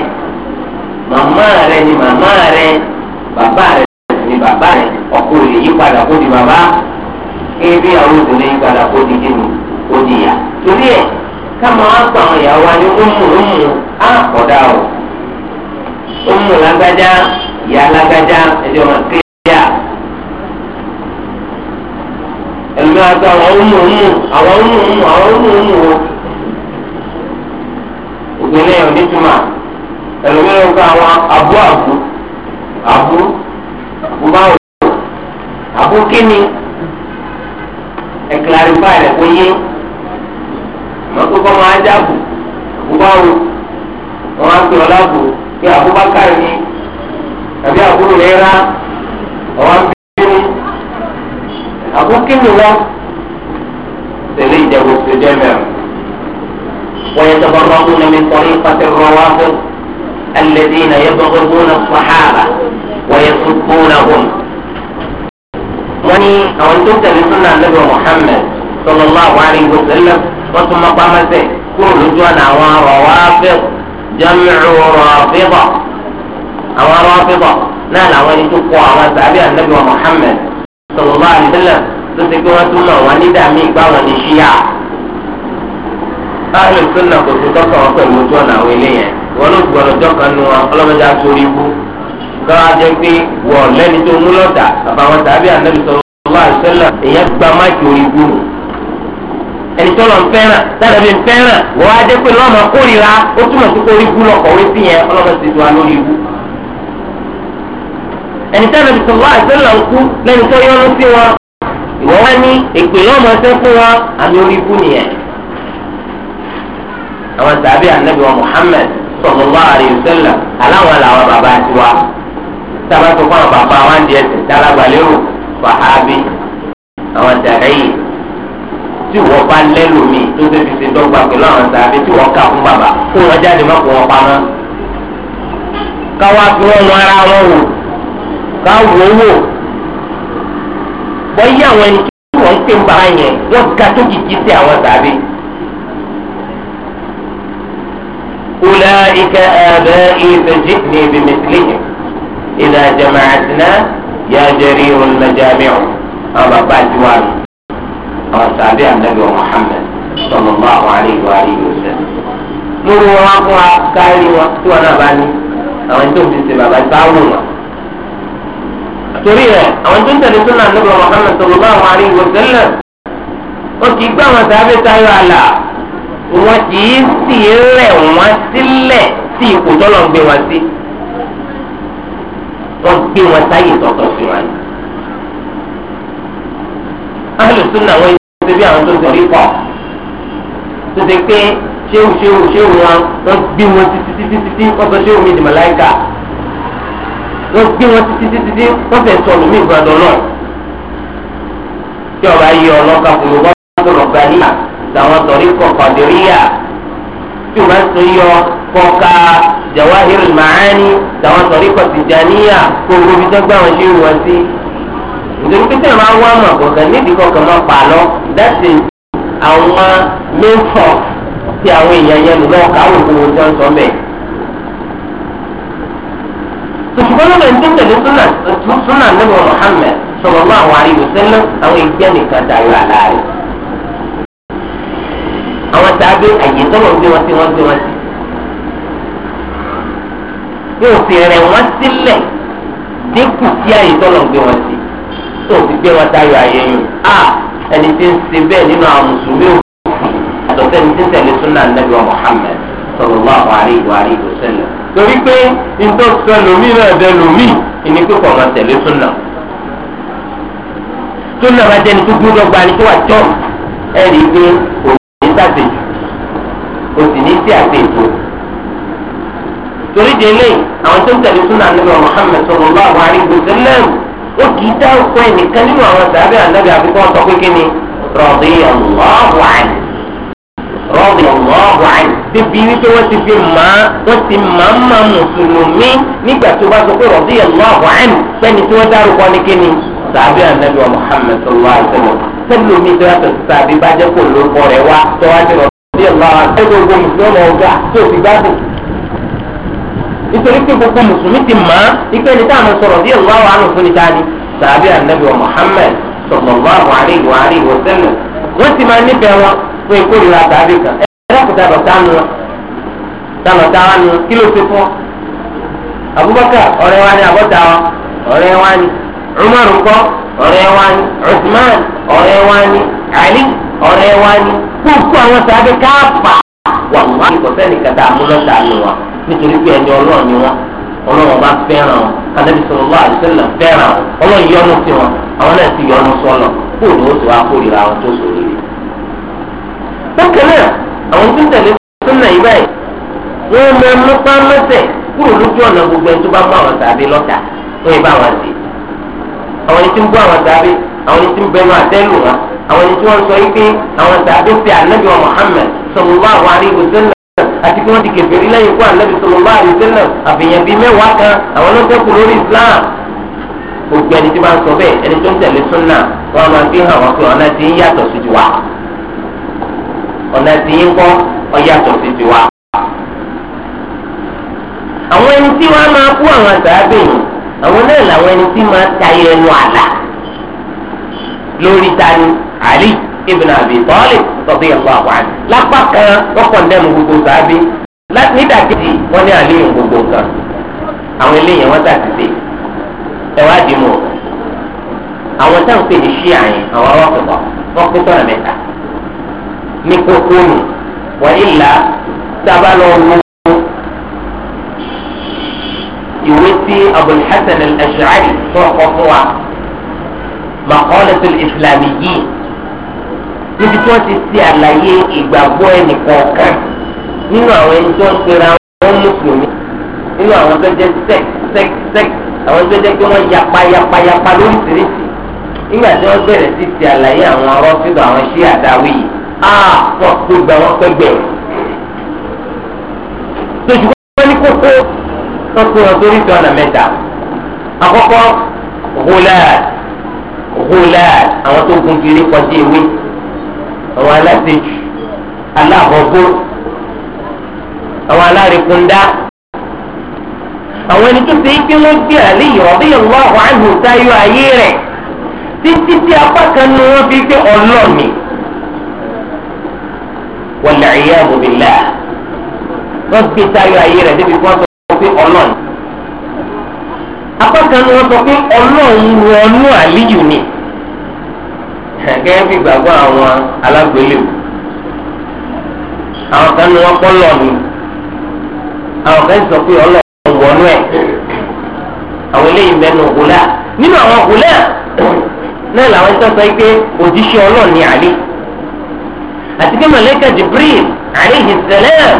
màmá rẹ ni màmá rẹ bàbá rẹ ni bàbá rẹ ọkọ rẹ yí padà kó di bàbá ebi àwọn obìnrin yí padà kó di kíni kó di ìyá torí ẹ káma wá pa àwọn ìyàwó wa ní ọmú ọmú á o ọmú lágbájá ìyá lágbájá ẹjọ́ máa pé èmi àti àwọn ọmọ ọmọ àwọn ọmọ ọmọ àwọn ọmọ ọmọ o. obìnrin ò ní túmọ̀ ẹlòmíràn gba àwọn abú àbú àbú àbú báwo àbú kíni ẹ clarify rẹ kó yé mọ́tò kọ́ máa jábù àbú báwo wọ́n á pè ọ́ lábò pé àbúbákàrí ni àbí àbúrò rẹ rá ọ̀wá ń àbúkínú wọn تريد ìjẹ̀bù sí ويتبرؤون من طريقة الروافض الذين يبغضون الصحابة ويسبونهم وني أو أن تبتل سنة النبي محمد صلى الله عليه وسلم وثم قامت كل جوانا وروافض جمع رافضة أو رافضة نعم وأن تقوى وسعبها النبي محمد sọlọ́lá àdìsẹ́lẹ̀ tó ti pé wọ́n tún mọ̀ wọ́n nídà mí ìgbà wọn ní ṣíyà. báyìí sọ́nà kò sí tọ́kàn wọn pẹ̀lú ojú ọ̀nà àwọn ilé yẹn wọn ló gbọ́dọ̀ jọ́kan nu wọn ọlọ́mọdé àtúrí ikú. káwá jẹ́ pé wọ̀ lẹ́ni tó mú lọ́dà àbáwọn tàbí ànábì sọlọ́lá àdìsẹ́lẹ̀ èèyàn gba máàkì orí ikú ẹni tọ́lọ̀ ń fẹ́ràn tàbí fẹ́ràn wọ́n á jẹ́ pé lọ́mọ kórìíra ó túmọ̀ ẹni tí anabi sọlá àtẹlẹ ńkú lẹni tó yọnu sí wọn ìwọ wá ní èpè lọmọ ẹsẹ fún wọn àmì orí ikú nìyẹn àwọn sàbí anabi wa Muhammad sọlọlá àríwísẹlẹ aláwọn làwọn bàbá tiwa sábà tó fún àwọn bàbá wọn di ẹsẹ dálágbàlérò fàhábì àwọn tẹ̀rẹ́yì tí wọ́n bá lẹ́lò mi tó débi ṣe dọ́gba pẹ̀lú àwọn sàbí tí wọ́n kà fún bàbá kó wọ́n jáde má kó wọn pamọ́ káwá fi wọn wọn ara wọn wò. ká wò wò bọ́yá àwọn ẹni tí wọ́n ń pè ń bára yẹn wọ́n ga tó kìkì sí àwọn tàbí. أولئك آبائي فجئني بمثلهم إذا جمعتنا يا جرير المجامع أما بعد وعلي أما تابع النبي محمد صلى الله عليه وآله وسلم نور وقوع كاري وقت ونباني أما أنتم في السبب أتعاونوا torí ẹ àwọn tó ń tẹ̀lé súnà nígbà Muhammad sallallahu alaihi wa sallam wọn kì í gbọ́ àwọn sábẹ́ tayọ àlà wọn kì í sì rẹ̀ wọ́n sílẹ̀ sí ipò tọ́lọ̀ ń gbé wọn sí wọn gbé wọn sáyè tọ̀tọ̀ sí wọn. ahlu súnà wọn ṣe bí àwọn tó ń tẹ̀lé pọ̀ tó ṣe pé ṣéwù ṣéwù ṣéwù wọn wọn gbé wọn títí títí títí wọn sọ ṣéwù mi di wọ́n gbé wọn títí títí wọ́n fẹ́ sọ lómi ìgbàdàn náà tí ọba yìí ọlọ́ka kò ló wọ́n kò lọ́ọ́ gba níyà làwọn tọ̀rí kọ̀ọ̀kan dèrí yà tí o bá sọ yọ kọ̀ọ̀ka jawahirul maani làwọn tọ̀rí kọ̀tìjàníyà kó gbóbi tó gbà wọn ṣe wọ sí. nítorí pété máa ń wá ọmọ kọ̀ọ̀kan níbi kọ̀ọ̀kan máa pa lọ dáṣe àwọn mẹ́fọ̀ tí àwọn èèyàn yẹn lọ́ọ̀ká òkú wọn tòṣùgbọ́n lónìí tó tẹ̀lé súnà níbo Muhammad sọ̀rọ̀ máa wà rí ìwòsẹ́lẹ̀ àwọn ìgbẹ́ nìkan dayọ̀ àlá rẹ̀. àwọn tàbí àyè tọ́lọ̀ gbé wọn sí wọn gbé wọn sí. yóò fi rẹ̀ wọ́n sílẹ̀ dínkù sí àyè tọ́lọ̀ gbé wọn sí. yóò fi gbé wọn dayọ̀ àyè yìí. a ẹni tí ń ṣe bẹ́ẹ̀ nínú àwọn mùsùlùmí ò àtọ̀tẹ́ni tí ń tẹ̀lé súnà níbo Muhammad sọ̀rọ̀ máa wà rí torí pé ntọ́sọ lomi náà dẹ lomi ìní pípọ̀ máa tẹ̀lé súnà súnà máa jẹ́ni tó gbúdọ̀ gba ni tó wà jọ́ ẹ̀ rí i pé kò ní sàtẹ̀jù kò sì ní sí àtẹ̀jù torí délé àwọn tó ń tẹ̀lé súnà níbi ọ̀rọ̀ Muhammad sallallahu alaihi wasallam ó kì í dá ọkọ ẹnìkan nínú àwọn sàbẹ̀ ànábì àfikún ọ̀sọ́ pé kí ni rọ̀bì ọ̀lọ́wọ̀ àná rọ́ọ̀dì ọ̀mọ́ọ̀gbà ẹ̀ bíbí wípé wọ́n ti fi máa wọ́n ti máa ń máa mùsùlùmí nígbà tó bá sọ pé rọ́ọ̀dì ọ̀mọ́ọ̀gbà ẹ̀ sẹ́ni tí wọ́n dárúkọ ní kíni sàbí ànábì wa Muhammad sallallahu alayhi wa sallam sẹ́ni omi tó yàtọ̀ sàbí bá jẹ́ kó lórúkọ rẹ̀ wá tó wá ti rọ́ọ̀dì ọ̀mọ́ọ̀gbà nítorí pé gbogbo mùsùlùmí ti mọ̀ án ike ní táwọn sọ̀rọ̀ bí ìlú àwọn àlùfò ní dání sàbí ànábì wa Muhammad sallallahu alaihi wa alihi wa sallam wọ́n ti máa nífẹ̀ẹ́ wọn fún ìkórìíra àgbàdo kan ẹlẹ́kùtà lọ́tà nu ta lọ́tà wa nu kí ló ti fọ́ Abubakar ọ̀rẹ́ wa ni àbọ̀tà wa ọ̀rẹ́ wa ni Umar ńkọ́ ọ̀rẹ́ wa ni Usman ọ̀rẹ́ wa ni Ali ọ̀rẹ́ wa ni gbogbo àwọn sàbẹ káàpà wà wá ìkọ̀sẹ́nì kàtà àmúlọ́tà nu wa nítorí pé ẹni ọlọ́ọ̀ ni wọn ọlọ́wọ́n bá fẹ́ràn wọn kanabi sallallahu alaihi wasallam fẹ́ràn wọn ọlọ́ọ̀ yọ́nú sí wọn àwọn náà ti yọ́nú sọ́nà kóòdù ó sì wá kórìíra wọn tó sòrí. bákan náà àwọn tó ń tẹ̀lé súnà yìí báyìí wọ́n mọ nípa mẹ́sẹ̀ kúrò lójú ọ̀nà gbogbo ẹni tó bá bá àwọn tàbí lọ́tà wọ́n yìí bá wọn sí àwọn ẹni tí ń bọ́ àwọn tàbí àwọn ẹni tí ń bẹnu àtẹ́lù wọn àwọn ẹni tí wọ́n sọ àwọn tàbí fi ànábì wa ọ̀nà tí yín kọ́ ọ̀yàtọ̀ sí tiwa. àwọn ẹni tí wọ́n máa kú àwọn àtàbẹ̀yìn àwọn náà làwọn ẹni tí máa tayọ ẹnu àlà lórí tani Ali ibn Abi Talib radiyallahu anhu lápá kan wọ́n kọ̀ndẹ́nu gbogbo sàábí nídàkejì wọ́n ní àlẹ́yìn gbogbo kan àwọn eléyìí wọ́n tàbí ṣe ẹ̀wá dìímù àwọn táwọn pè ní ṣíà yẹn àwọn awọ́pẹ̀pọ̀ wọ́n pín sọ́nà mẹ́ta ní kókó nù wàhílà sábà lọ wọ ìwé tí abul hasan al-ash'ari tó ọkọ fún wa maqalatul islamiyyin níbi tí wọ́n ti ṣe àlàyé ìgbàgbọ́ ẹnìkọ̀ọ̀kan nínú àwọn ẹni tó ń pera wọn mùsùlùmí nínú àwọn tó jẹ́ sẹ́k sẹ́k sẹ́k àwọn tó jẹ́ pé wọ́n yapa yapa yapa lóríṣiríṣi nígbà tí wọ́n bẹ̀rẹ̀ sí ṣe àlàyé àwọn arọ́fíìdù àwọn ṣí àdáwì yìí a ah, wọn kó gba wọn kẹgbẹ tòṣùkọ wọn ní kókó wọn kó wọn sórí ìtọ́nà mẹ́ta àkọ́kọ́ hulaad hulaad àwọn tó gun kiri kọjá ewé àwọn aláṣejù aláhọ̀bó àwọn alárekunda àwọn ẹni tó ṣe é pé wọ́n gbé àlẹ́ yìí ọ̀bí yẹn wọ́n àwọn àhùn táyọ̀ ayé rẹ̀ títí tí apá kan ní wọ́n fi gbé ọlọ́ọ̀mì wọlé ayé àbòbílà wọn gbé táyọ ayé rẹ débi wọn sọ pé Ọlọ́run apá kan ni wọn sọ pé Ọlọ́run wọnú àlíyù ni gẹ́gẹ́ bí gbàgbọ́ àwọn alágbélébù àwọn kan ni wọn kọ lọnù àwọn kan sọ pé Ọlọ́run wọnú ẹ àwọn eléyìí mẹnu hùlà nínú àwọn hùlà náà làwọn tó sọ pé òjíṣẹ́ Ọlọ́run ni àlè àti pé mọ̀lẹ́kà jibril alayhi salam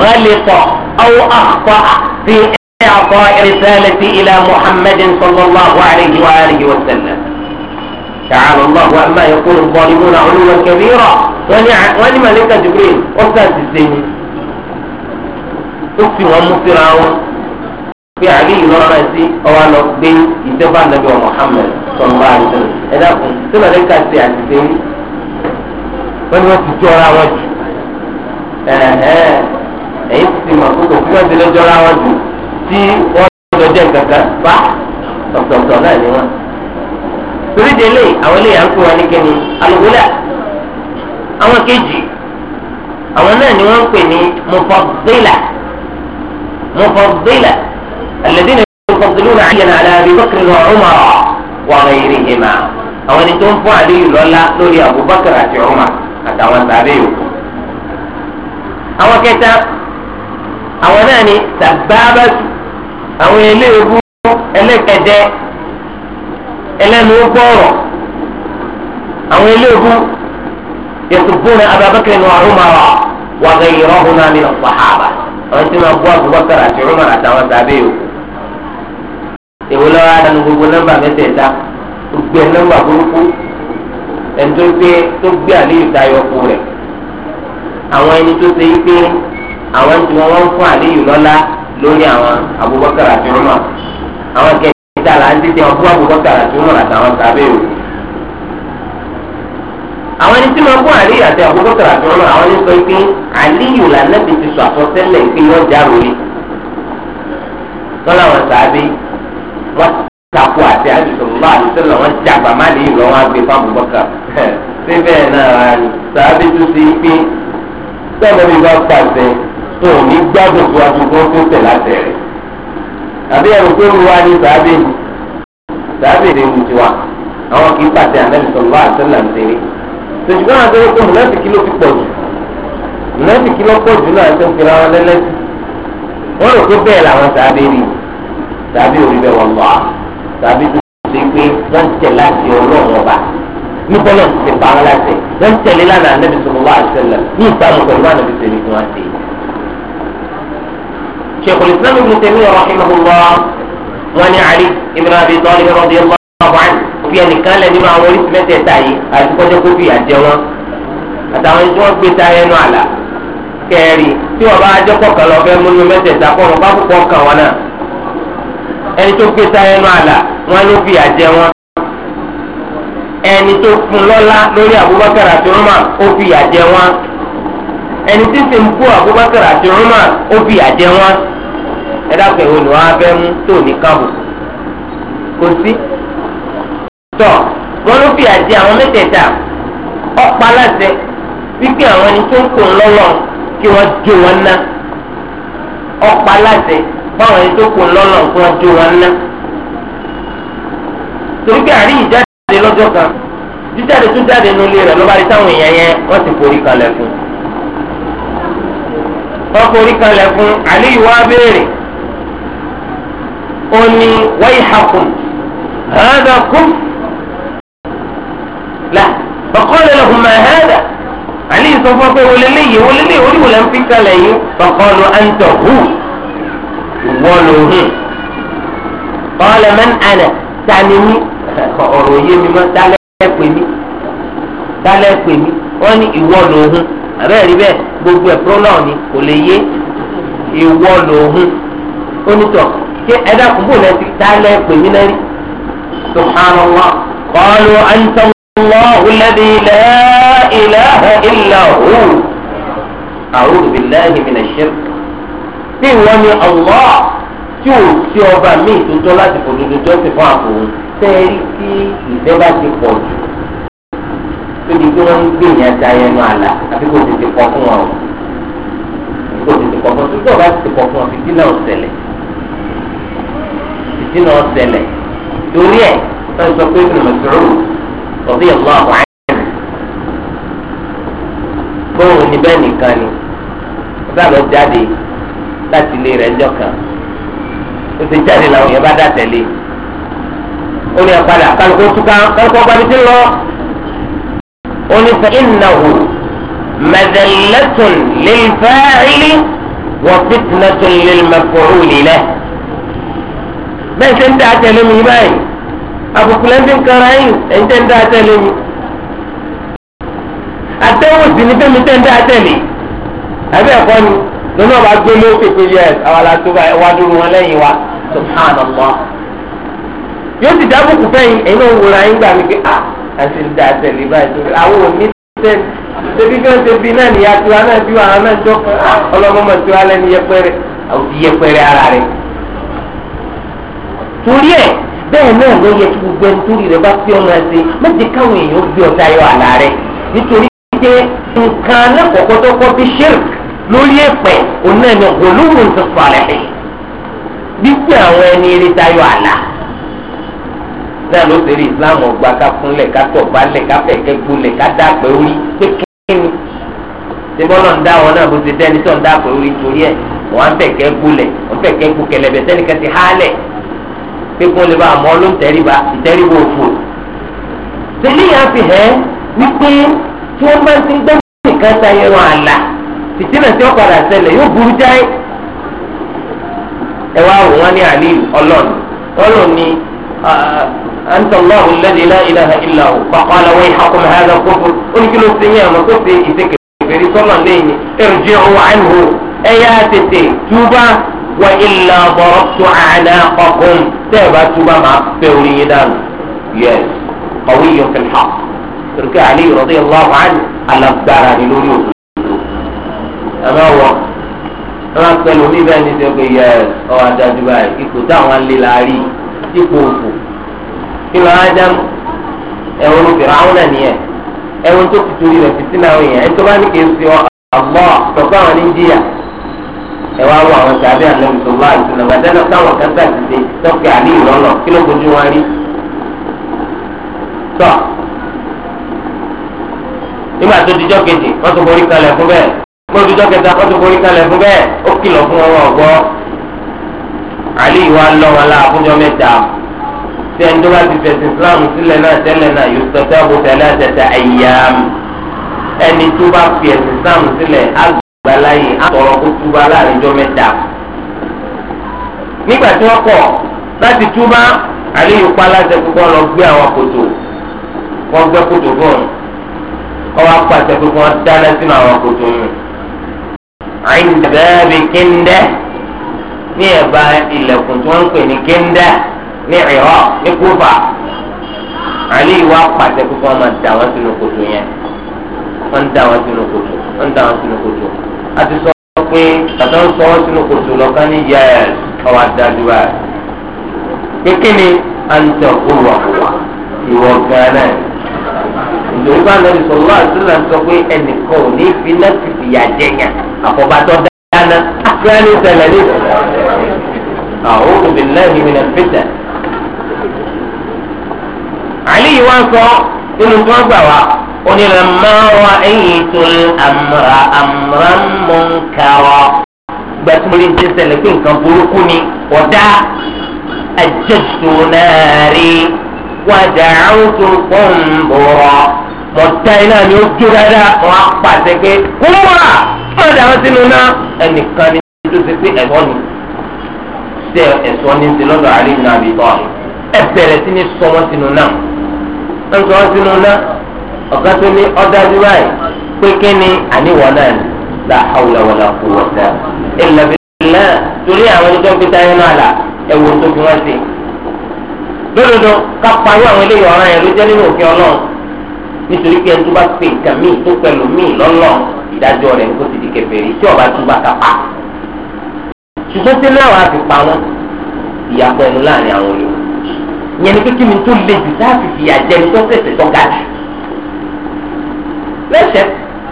ghaliqa aw akhta fi ẹ̀ẹ́dẹ́gbọ̀ risalati ila muhammadin sallallahu alayhi wa alihi wa sallam. تعالى الله عما يقول الظالمون علوا كبيرا وأن ملك جبريل أستاذ الزين أكفي ومصير في علي رأسي أو أنا بين إجابة النبي محمد صلى الله عليه وسلم إذا كنت ملك أستاذ الزين wọ́n ní wọ́n ti jọra wọn jù ẹ̀yìn ti mọ̀ kókò tí wọ́n ti lè jọra wọn jù tí wọ́n lọ jẹ́ kankan bá ọ̀tọ̀ọ̀tọ̀ náà ni wọ́n. torí délé àwọn ilé yàrá ń pè wọn ní kíni alùpùpù àwọn kejì àwọn náà ni wọ́n ń pè ní mufadila mufadila alladhina yufadiluna àyẹ̀nà ala Abi Bakr wa Umar wa ghayrihima àwọn ẹni tó ń fún àdéhùn lọ́lá àtàwọn sàbẹ̀ yòókù. àwọn kẹta àwọn náà ni sàgbábàtù àwọn eléèbú ẹlẹ́kẹ̀dẹ́ ẹlẹ́nu gbọ́rọ̀ àwọn eléèbú yẹtùbúnà ababakar ní ọ̀rùmọ̀rọ̀ wàgà ìrọ̀hùn náà nínú sàhábà àwọn tí wọn bú Abubakar àti Umar àtàwọn sàbẹ̀ yòókù. èwo lọ́wọ́ gbogbo nọ́mbà mẹ́tẹ̀ẹ̀ta gbogbo nọ́mbà burúkú ẹnitó pé tó gbé àléyìn tayọ kú rẹ àwọn ẹni tó ṣe pé àwọn tí wọn wọn fún àléyìn lọ́lá lórí àwọn Abubakar àti Umar àwọn kẹta là ń tètè wọn fún Abubakar àti Umar àtàwọn sábẹ́ o àwọn ẹni tí wọn fún àléyìn àti Abubakar àti Umar àwọn ẹni sọ pé àléyìn lànà ti ti sọ àsọtẹ́lẹ̀ pé wọn já lórí lọ́la wọn sábẹ́ wọn takò àti àdìsọ̀rọ̀ bá àdìsọ̀rọ̀ wọn já bàmá àléyìn àgbẹ̀ fún Abubakar síbẹ̀ náà sàábì tún ti pín sọ́dọ̀ bí wọ́n pàṣẹ tó o ní gbádùn tó a tún kó tó tẹ̀ látẹ̀ rẹ̀ àbí ẹ̀rù tó ń wá ní sàábì sàábì rẹ̀ ń tiwa àwọn kì í pàṣẹ ànábì sọ̀rọ̀ àtẹ́là ń tẹ̀lé tòṣùgbọ́n àti ẹ̀rọ tó mùnátì kí ló ti pọ̀ jù mùnátì kí ló pọ̀ jù náà tó ń fi wọn lẹ́lẹ́sì wọ́n rò pé bẹ́ẹ̀ làwọn sàábì rí sàábì òrí bẹ́ẹ̀ wọ́n lọ́ nípọ́nà ti pa wọn láti wọ́n ń tẹ̀lé lánàá anábì sallallahu alaihi wasallam ní ìbámu pẹ̀lú anábì sọ̀rọ̀ ìfún wa sí. Sheikhul Islam Ibn Taymiyyah rahimahullah wọn ní Ali ibn Abi Talib radiyallahu anhu fi ẹnìkan lẹ nínú àwọn oríṣi mẹ́tẹ̀ẹ̀ta yìí àti kọjá kó fi àjẹ wọn àtàwọn tí wọ́n gbé ta ẹnu àlà kẹrì tí wọ́n bá jọkọ kan lọ fẹ́ múnú mẹ́tẹ̀ẹ̀ta kọ wọn bá kúkọ kan wọn náà ẹni tó gbé ta ẹnu àlà wọn ló fi àjẹ wọn ẹni tó fún lọ́lá lórí Abubakar àti Umar ó fi ìyà wọn ẹni tí sì ń kó Abubakar àti Umar ó fi ìyà jẹ wọn ẹ dákẹ́ ìwé ni wọ́n á fẹ́ mú tó ní káàbù kò sí. tọ́ wọn ló fi ìyà jẹ àwọn mẹ́tẹ̀ẹ̀ta ọ̀pá láṣẹ wípé àwọn ẹni tó ń kó lọ́lọ́ kí wọ́n jó wọn ná ọ̀pá láṣẹ báwọn ẹni tó kó lọ́lọ́ kí wọ́n jó wọn ná torí pé àrí ìjà lọ́jọ́ kan jíjáde tún jáde nínú ilé rẹ̀ ló bá rí táwọn èèyàn yẹn wọ́n ti forí kalẹ̀ fún wọ́n forí kalẹ̀ fún Aliyu wá béèrè ó ní wáyé hakùn hàdà kún là bàkọ́lé lọ́hùn máa hàdà Aliyu sọ fún ọ pé wọlé léyìí wọlé léyìí oríwò ń fi kalẹ̀ yìí bàkọ́lé àǹtọ̀ hù wọ́n lò hù. قال من أنا تعني ọ̀rọ̀ yé mi mọ́ dálẹ́ pè mí dálẹ́ pè mí wọ́n ní ìwọ lòun àbẹ́ rí bẹ́ẹ̀ gbogbo ẹ̀ ni kò lè yé ìwọ lòun onítọ̀ ṣé ẹ dákun bò lẹ́sìn dálẹ́ pè mí lẹ́rí subhanallah qalu anta Allahu alladhi tí tí ò sí ọba míì tó tọ́ láti fòdodo jọ́sìn fún sẹ́ẹ̀rí tí ìfẹ́ bá ti pọ̀ jù tó di pé wọ́n ń gbé yẹn da ẹnu àlà àbí kò tètè kọ́ fún wọn o kò tètè kọ́ fún wọn tó bá tètè kọ́ fún wọn fìdí náà ṣẹlẹ̀ fìdí náà ṣẹlẹ̀ torí ẹ̀ wọ́n sọ pé Ibn Mas'ud ọ̀bí ẹ̀ lọ́wọ́ àwọn àyẹ̀wò bóun ni bẹ́ẹ̀ nìkan ni ọ̀sán lọ jáde láti ilé rẹ̀ ńjọ́ kan ó ti jáde làwọn yẹn bá dá tẹ̀lé orí ẹ̀ padà kálukú túká kálukú ọgbà bìtì lọ. onífẹ̀ ìnáwó mẹ̀dẹ̀lẹ́tùn lè fẹ́ẹ́rì wọ́n fìtìnàtùn lè mẹ̀kúrú lílẹ̀. bẹ́ẹ̀ ṣe ń dá tẹ̀lé mi báyìí àbùkù lẹ́ńdí nkàrà yìí ẹ̀ ń tẹ́ ń dá tẹ̀lé mi. àtẹ̀wò sì ni fẹ́mi tẹ́ ń dá tẹ̀lé àbí ẹ̀kọ́ ni lọ́nà bá gbé lókè pé yẹ àwọn alátúbà ẹ̀ wá dúró wọn lẹ́yìn wa subhanallah yóò sì dábùkù fẹ́yìn ẹ̀yin náà wòrán ayé gbà mí pé a ah, àti ìdá àtẹ̀lé báyìí torí àwọn òní sẹ́ni ṣebí kí wọ́n ṣe bí náà nìyá tiwa náà bí wàhán náà jọ ah, ọlọ́mọmọ tiwa lẹ́nu yẹpẹrẹ àwùjọ yẹpẹrẹ ara rẹ̀. torí ẹ̀ bẹ́ẹ̀ náà ló yẹ kí gbogbo ẹni torí rẹ̀ bá fi ọmọ ẹsẹ̀ méje káwọn èèyàn gbé ọ̀tá yọ àlá rẹ̀ nítorí pé nǹkan alákọ̀ọ́kọ́tọ́kọ́ bí shirk lórí ẹ̀pẹ̀ òun náà ni ògùn olóhùn tó fọ náà ló tẹ̀lé islam ọgbà ká fúnlẹ̀ ká tọ̀gbà lẹ̀ ká fẹ̀kẹ́ gbolẹ̀ ká dàgbẹ́ orí pé kíni tẹ́bọ́ náà ń dá wọn náà bó ti dẹ́ni tó ń dàgbẹ́ orí torí ẹ̀ wọ́n á fẹ̀kẹ́ gbolẹ̀ wọ́n fẹ̀kẹ́ gbu kẹlẹ̀bẹ̀ sẹ́nìkan ti hálẹ̀ pé kó lè bá àmọ́ ló ń tẹríba ìtẹríba òfò. tẹ́lẹ̀ yà fi hẹ́ wípé tí wọ́n bá ti gbọ́ nìkan sayẹ̀rọ àlà fìtínà tí ó padà ṣẹlẹ̀ yóò burú jáì ẹ wá wò wọ́n ní àlè ọlọ́run ọlọ́run ni أنت الله الذي لا إله إلا هو فقال ويحكم هذا كفر ونكلو سنيا ما كفر إذكر في صلى الله ارجعوا عنه أياتي توبة وإلا ضربت أعناقكم تابا توبة مع فوري يس قوي في الحق ركع علي رضي الله عنه على الدار لوري أما هو أما قالوا لي بأن يقول يس أو أدى دبي يقول دعوان للعري يقول ìlú Adam ẹ̀wọ̀n fìràwọn náà nìyẹn ẹ̀wọ̀n tó ti torí rẹ̀ fi sínú àwọn èèyàn ẹ̀ tó bá ní kí n sọ àmọ́ pẹ̀lú àwọn níjìyà ẹ wá wọ àwọn sàbẹ àlọmù tó wá àtúnà bàtẹ́lẹ̀ táwọn kan sàtìsẹ tọ́kì àní ìlọ́nà kí ló kojú wọn rí. tọ́ nígbà tó dijọ́ kejì wọ́n tó borí kalẹ̀ fún bẹ́ẹ̀ kó dijọ́ kẹta wọ́n tó borí kalẹ̀ fún bẹ́ẹ̀ ó kìlọ̀ fún wọn wọ̀ gbọ́. àlè ìwà lọ́wọ́ la àbújọ mẹ́ta tí ẹni tó bá ti fẹ̀sìn islam sílẹ̀ náà tẹ́lẹ̀ náà yóò tọ́jú àbò tẹ̀lé àtẹ̀tẹ̀ ayyam ẹni tó bá fi ẹ̀sìn islam sílẹ̀ àgbàláyé àtọ̀rọ̀ kó túbá láàrin ọjọ́ mẹ́ta. nígbà tí wọ́n kọ̀ láti túbá àléyìn pa aláṣẹ púpọ̀ lọ gbé àwọn kòtò wọ́n gbẹ́ kòtò fún un wọ́n wá pàṣẹ pé dáná sínú àwọn kòtò yìí. àyìn bẹ́ẹ̀ bí kéńdẹ́ ní ẹ̀bá ilẹ̀kùn tí wọ́n ń pè ní kéńdẹ́ ní ìrọ̀ ní kúfà àlẹ́ ìwà pàṣẹ púpọ̀ máa da wọn sínú kòtò yẹn wọ́n ń da sínú kòtò wọ́n ń da sínú kòtò a ti sọ pé bàtà ń sọ wọn sínú kòtò lọ́kàn ní yẹ ọwọ́ adájú wa kékeré à ń tẹ òwò ìwọ gánà ìdòwú bá lọ sọ̀rọ̀ wá sílẹ̀ sọ pé ẹnìkan ò ní fi náà ti fìyà jẹyàn àkọ́bátọ́ dáná kí á ní ṣẹlẹ̀ ní. àwọn olùbẹ̀lẹ́ ìrìnà fìtẹ̀. àlẹ́ yìí wá ń sọ nínú tí wọ́n gbà wá onílẹ̀ máa wá ẹ̀yìn tó àmúra àmúra mọ̀ ń kàwọ́ gbàtúmọ̀lì ti ṣẹlẹ̀ pé nǹkan burúkú ni ọ̀dà àjẹsù náà rí wàdà àwùjọ fún bọ̀rọ̀ mọ̀tá iná ni ó jó dáadáa wọn á pàṣẹ pé kó múra fún ọ̀dà àwọn sínú náà ẹnìkan ni tó ti pé ẹ̀fọ́ ni ṣe ẹ̀sọ́ ní ti lọ́dọ̀ àárín náà bí tọ́ bẹ̀rẹ̀ sí ní sọmọ́ sínú náà wọ́n sọ wọ́n sínú ná ọ̀gá tó ní ọ̀dà dubai pé kí ni àníwọ̀ náà ni la hawla wala quwwata illa billah torí àwọn ẹni tó ń pété ayé náà là ẹ̀wò tó fi wọ́n sí. lódodo ká parí àwọn eléyìí ọ̀ràn yẹn ló jẹ́ nínú òfin ọlọ́run nítorí pé ẹni tó bá pè nǹkan míì tó pẹ̀lú míì lọ́lọ́ ìdájọ́ rẹ̀ kó ti di kèfèrí tí ọba túbà ká pa. ṣùgbọ́n tí náà wàá wọn ìyàpọ̀ ẹnu láàrin àwọn olùkọ́ ìyẹn ni pé kí ni tó le jù láti fi àjẹni tó tẹ̀sẹ̀ tó ga jù. lẹ́sẹ̀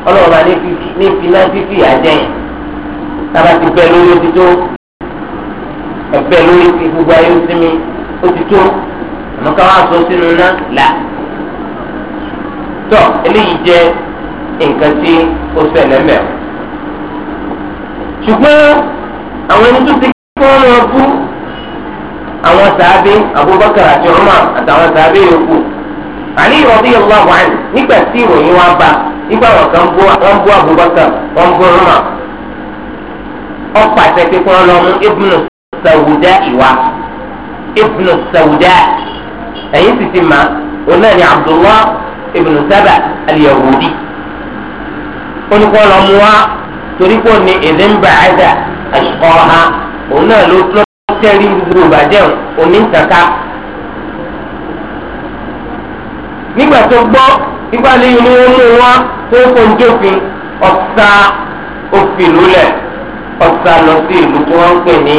ọlọ́run máa ní fi náà fífi àjẹyìn tába ti bẹ lórí ojú tó ẹbẹ lórí ti gbogbo ayé sinmi ojú tó àmọ́ ká wá sọ sínú iná là. tọ́ eléyìí jẹ́ nǹkan tí ó ṣẹlẹ̀ mẹ́rin. ṣùgbọ́n àwọn ẹni tó ti kọ́ ọ́ lọ bú àwọn sàábé Abubakar àti Umar àtàwọn sàábé yòókù àní radiyallahu anhu nígbà tí ìròyìn wa bá nígbà wọn kan bú wọn bú Abubakar wọn bú Umar ọ̀pọ̀ àtẹ̀tẹ̀ kí wọ́n lọ mú Ibnu Sawuda ìwà Ibnu Sawuda ẹ̀yìn sì ti mà ó náà ní Abdullah Ibnu Saba al lọ mú wa torí kò ní ìdí ń bàá dà àṣùkọ́ ha òun náà ló tẹ́rí gbogbo ìbàjẹ́ onítànká. nígbà tó gbọ́ nígbà tí inú wọn mú wọn tó kó ń jófin ọ̀sà òfin lulẹ̀ ọ̀sà lọ sí ìlú tí wọ́n ń pè ní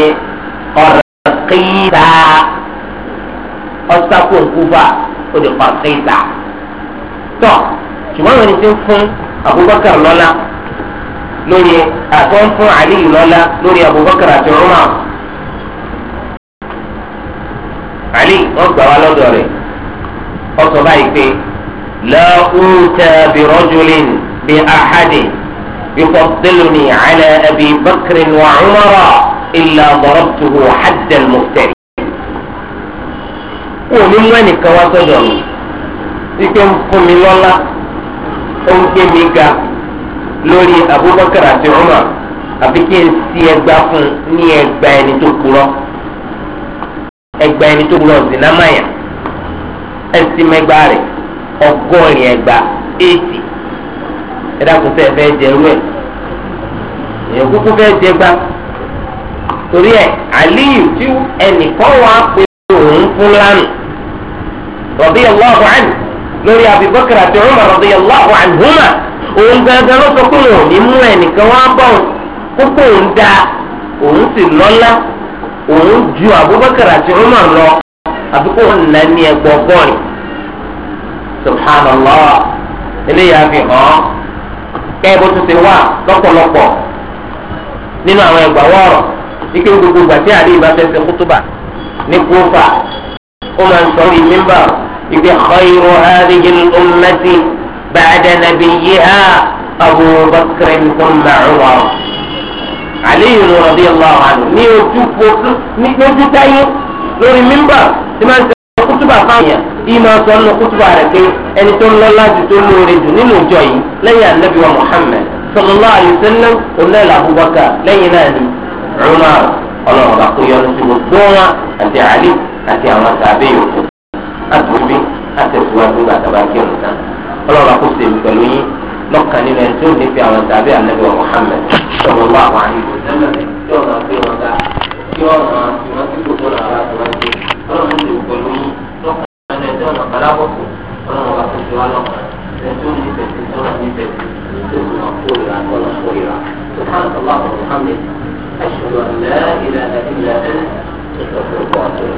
ọ̀rẹ́kìtà ọ̀sà kò ń kúfà ó di pàṣẹ́tà. tọ́ ṣùgbọ́n àwọn ẹni tí ń fún Abubakar lọ́lá lórí àtọ́ ń fún Aliyu lọ́lá lórí Abubakar àti Umar ali wọn gbà wá lọ́dọ̀ rẹ̀ ó sọ báyìí pé lọ́ọ̀tà bìrọ́júlìn bí ahadi yufaddiluni ala abi bakr wa umara illa darabtuhu hadda al-muftari. wọn ò ní mú ẹnìkan wá sọ́dọ̀ mi wípé ń fún mi lọ́lá ó ń gbé mi ga lórí abubakar àti umar àfi kí n sí ẹgbàá fún ní ẹgbàá ẹni tó kúrọ́ ẹgbà ẹni tó lọ sí námàyà ẹsìmẹgbà rẹ ọgọ́rin ẹgbà eighty ẹdàkùnfẹ fẹẹ jẹrú ẹ èèyàn kúkú fẹẹ jẹgba torí ẹ aliyu tí ẹnìkan wà pé òun fún lánàá radiyallahu anhu lórí abibakar àti umar radiyallahu anhuma òun gangan ló sọ pé òun ní mú ẹnìkan wá bọ̀ kókó òun dáa òun sì lọ́lá òun ju Abubakar àti Umar lọ àfi kó wọn nà ní ẹgbọ bọ́ọ̀lì subhanallah eléyà fi hàn kẹ́ẹ̀ bó tún ti wà lọ́pọ̀lọpọ̀ nínú àwọn ẹgbà wọ́ọ̀rọ̀ ike gbogbo gbàtí àdé ìbáfẹ́sẹ̀ kútúbà ní kúfà ó máa ń sọ ní mímbà ibi khayru hadhihi al-ummati ba'da nabiyyiha Abu Bakr thumma Umar. Aliyu radiyallahu anhu ní ojú fojú ní ojú táyé lórí mímbà tí máa ń sọ kútùbà fáwọn ìmọ̀ sọ nínú kútùbà rẹ̀ pé ẹni tó ń lọ láti tó lóore jù nínú ìjọ yìí lẹ́yìn anabi wa Muhammad sallallahu alaihi wasallam onílẹ̀ Abubakar lẹ́yìn náà ni Umar ọlọ́run bá kó yọnu sí gbogbo wọn àti Ali àti àwọn sàbẹ̀ yòókù àtúbí àtẹ̀síwájú gbàtàbà kí ọ̀nà ọlọ́run bá kó sèmi pẹ̀lú yín lọ́kàn nínú ẹni tí ó nífẹ̀ẹ́ àwọn tàbí ànábì Muhammad sọ̀rọ̀ wà wà ní ìlú sẹ́lẹ̀ tí ọ̀nà tí wọ́n ga tí ọ̀nà tí wọ́n ti kò tó làwọn àti wọ́n ti lọ́nà ti pẹ̀lú yín lọ́kàn nínú ẹni tí ọ̀nà balábọ̀kù ọ̀nà wà tó ti lọ́kàn ẹni tó nífẹ̀ẹ́ sí tó náà nífẹ̀ẹ́ tó sì máa kó ìlà àtọ̀nà kó ìlà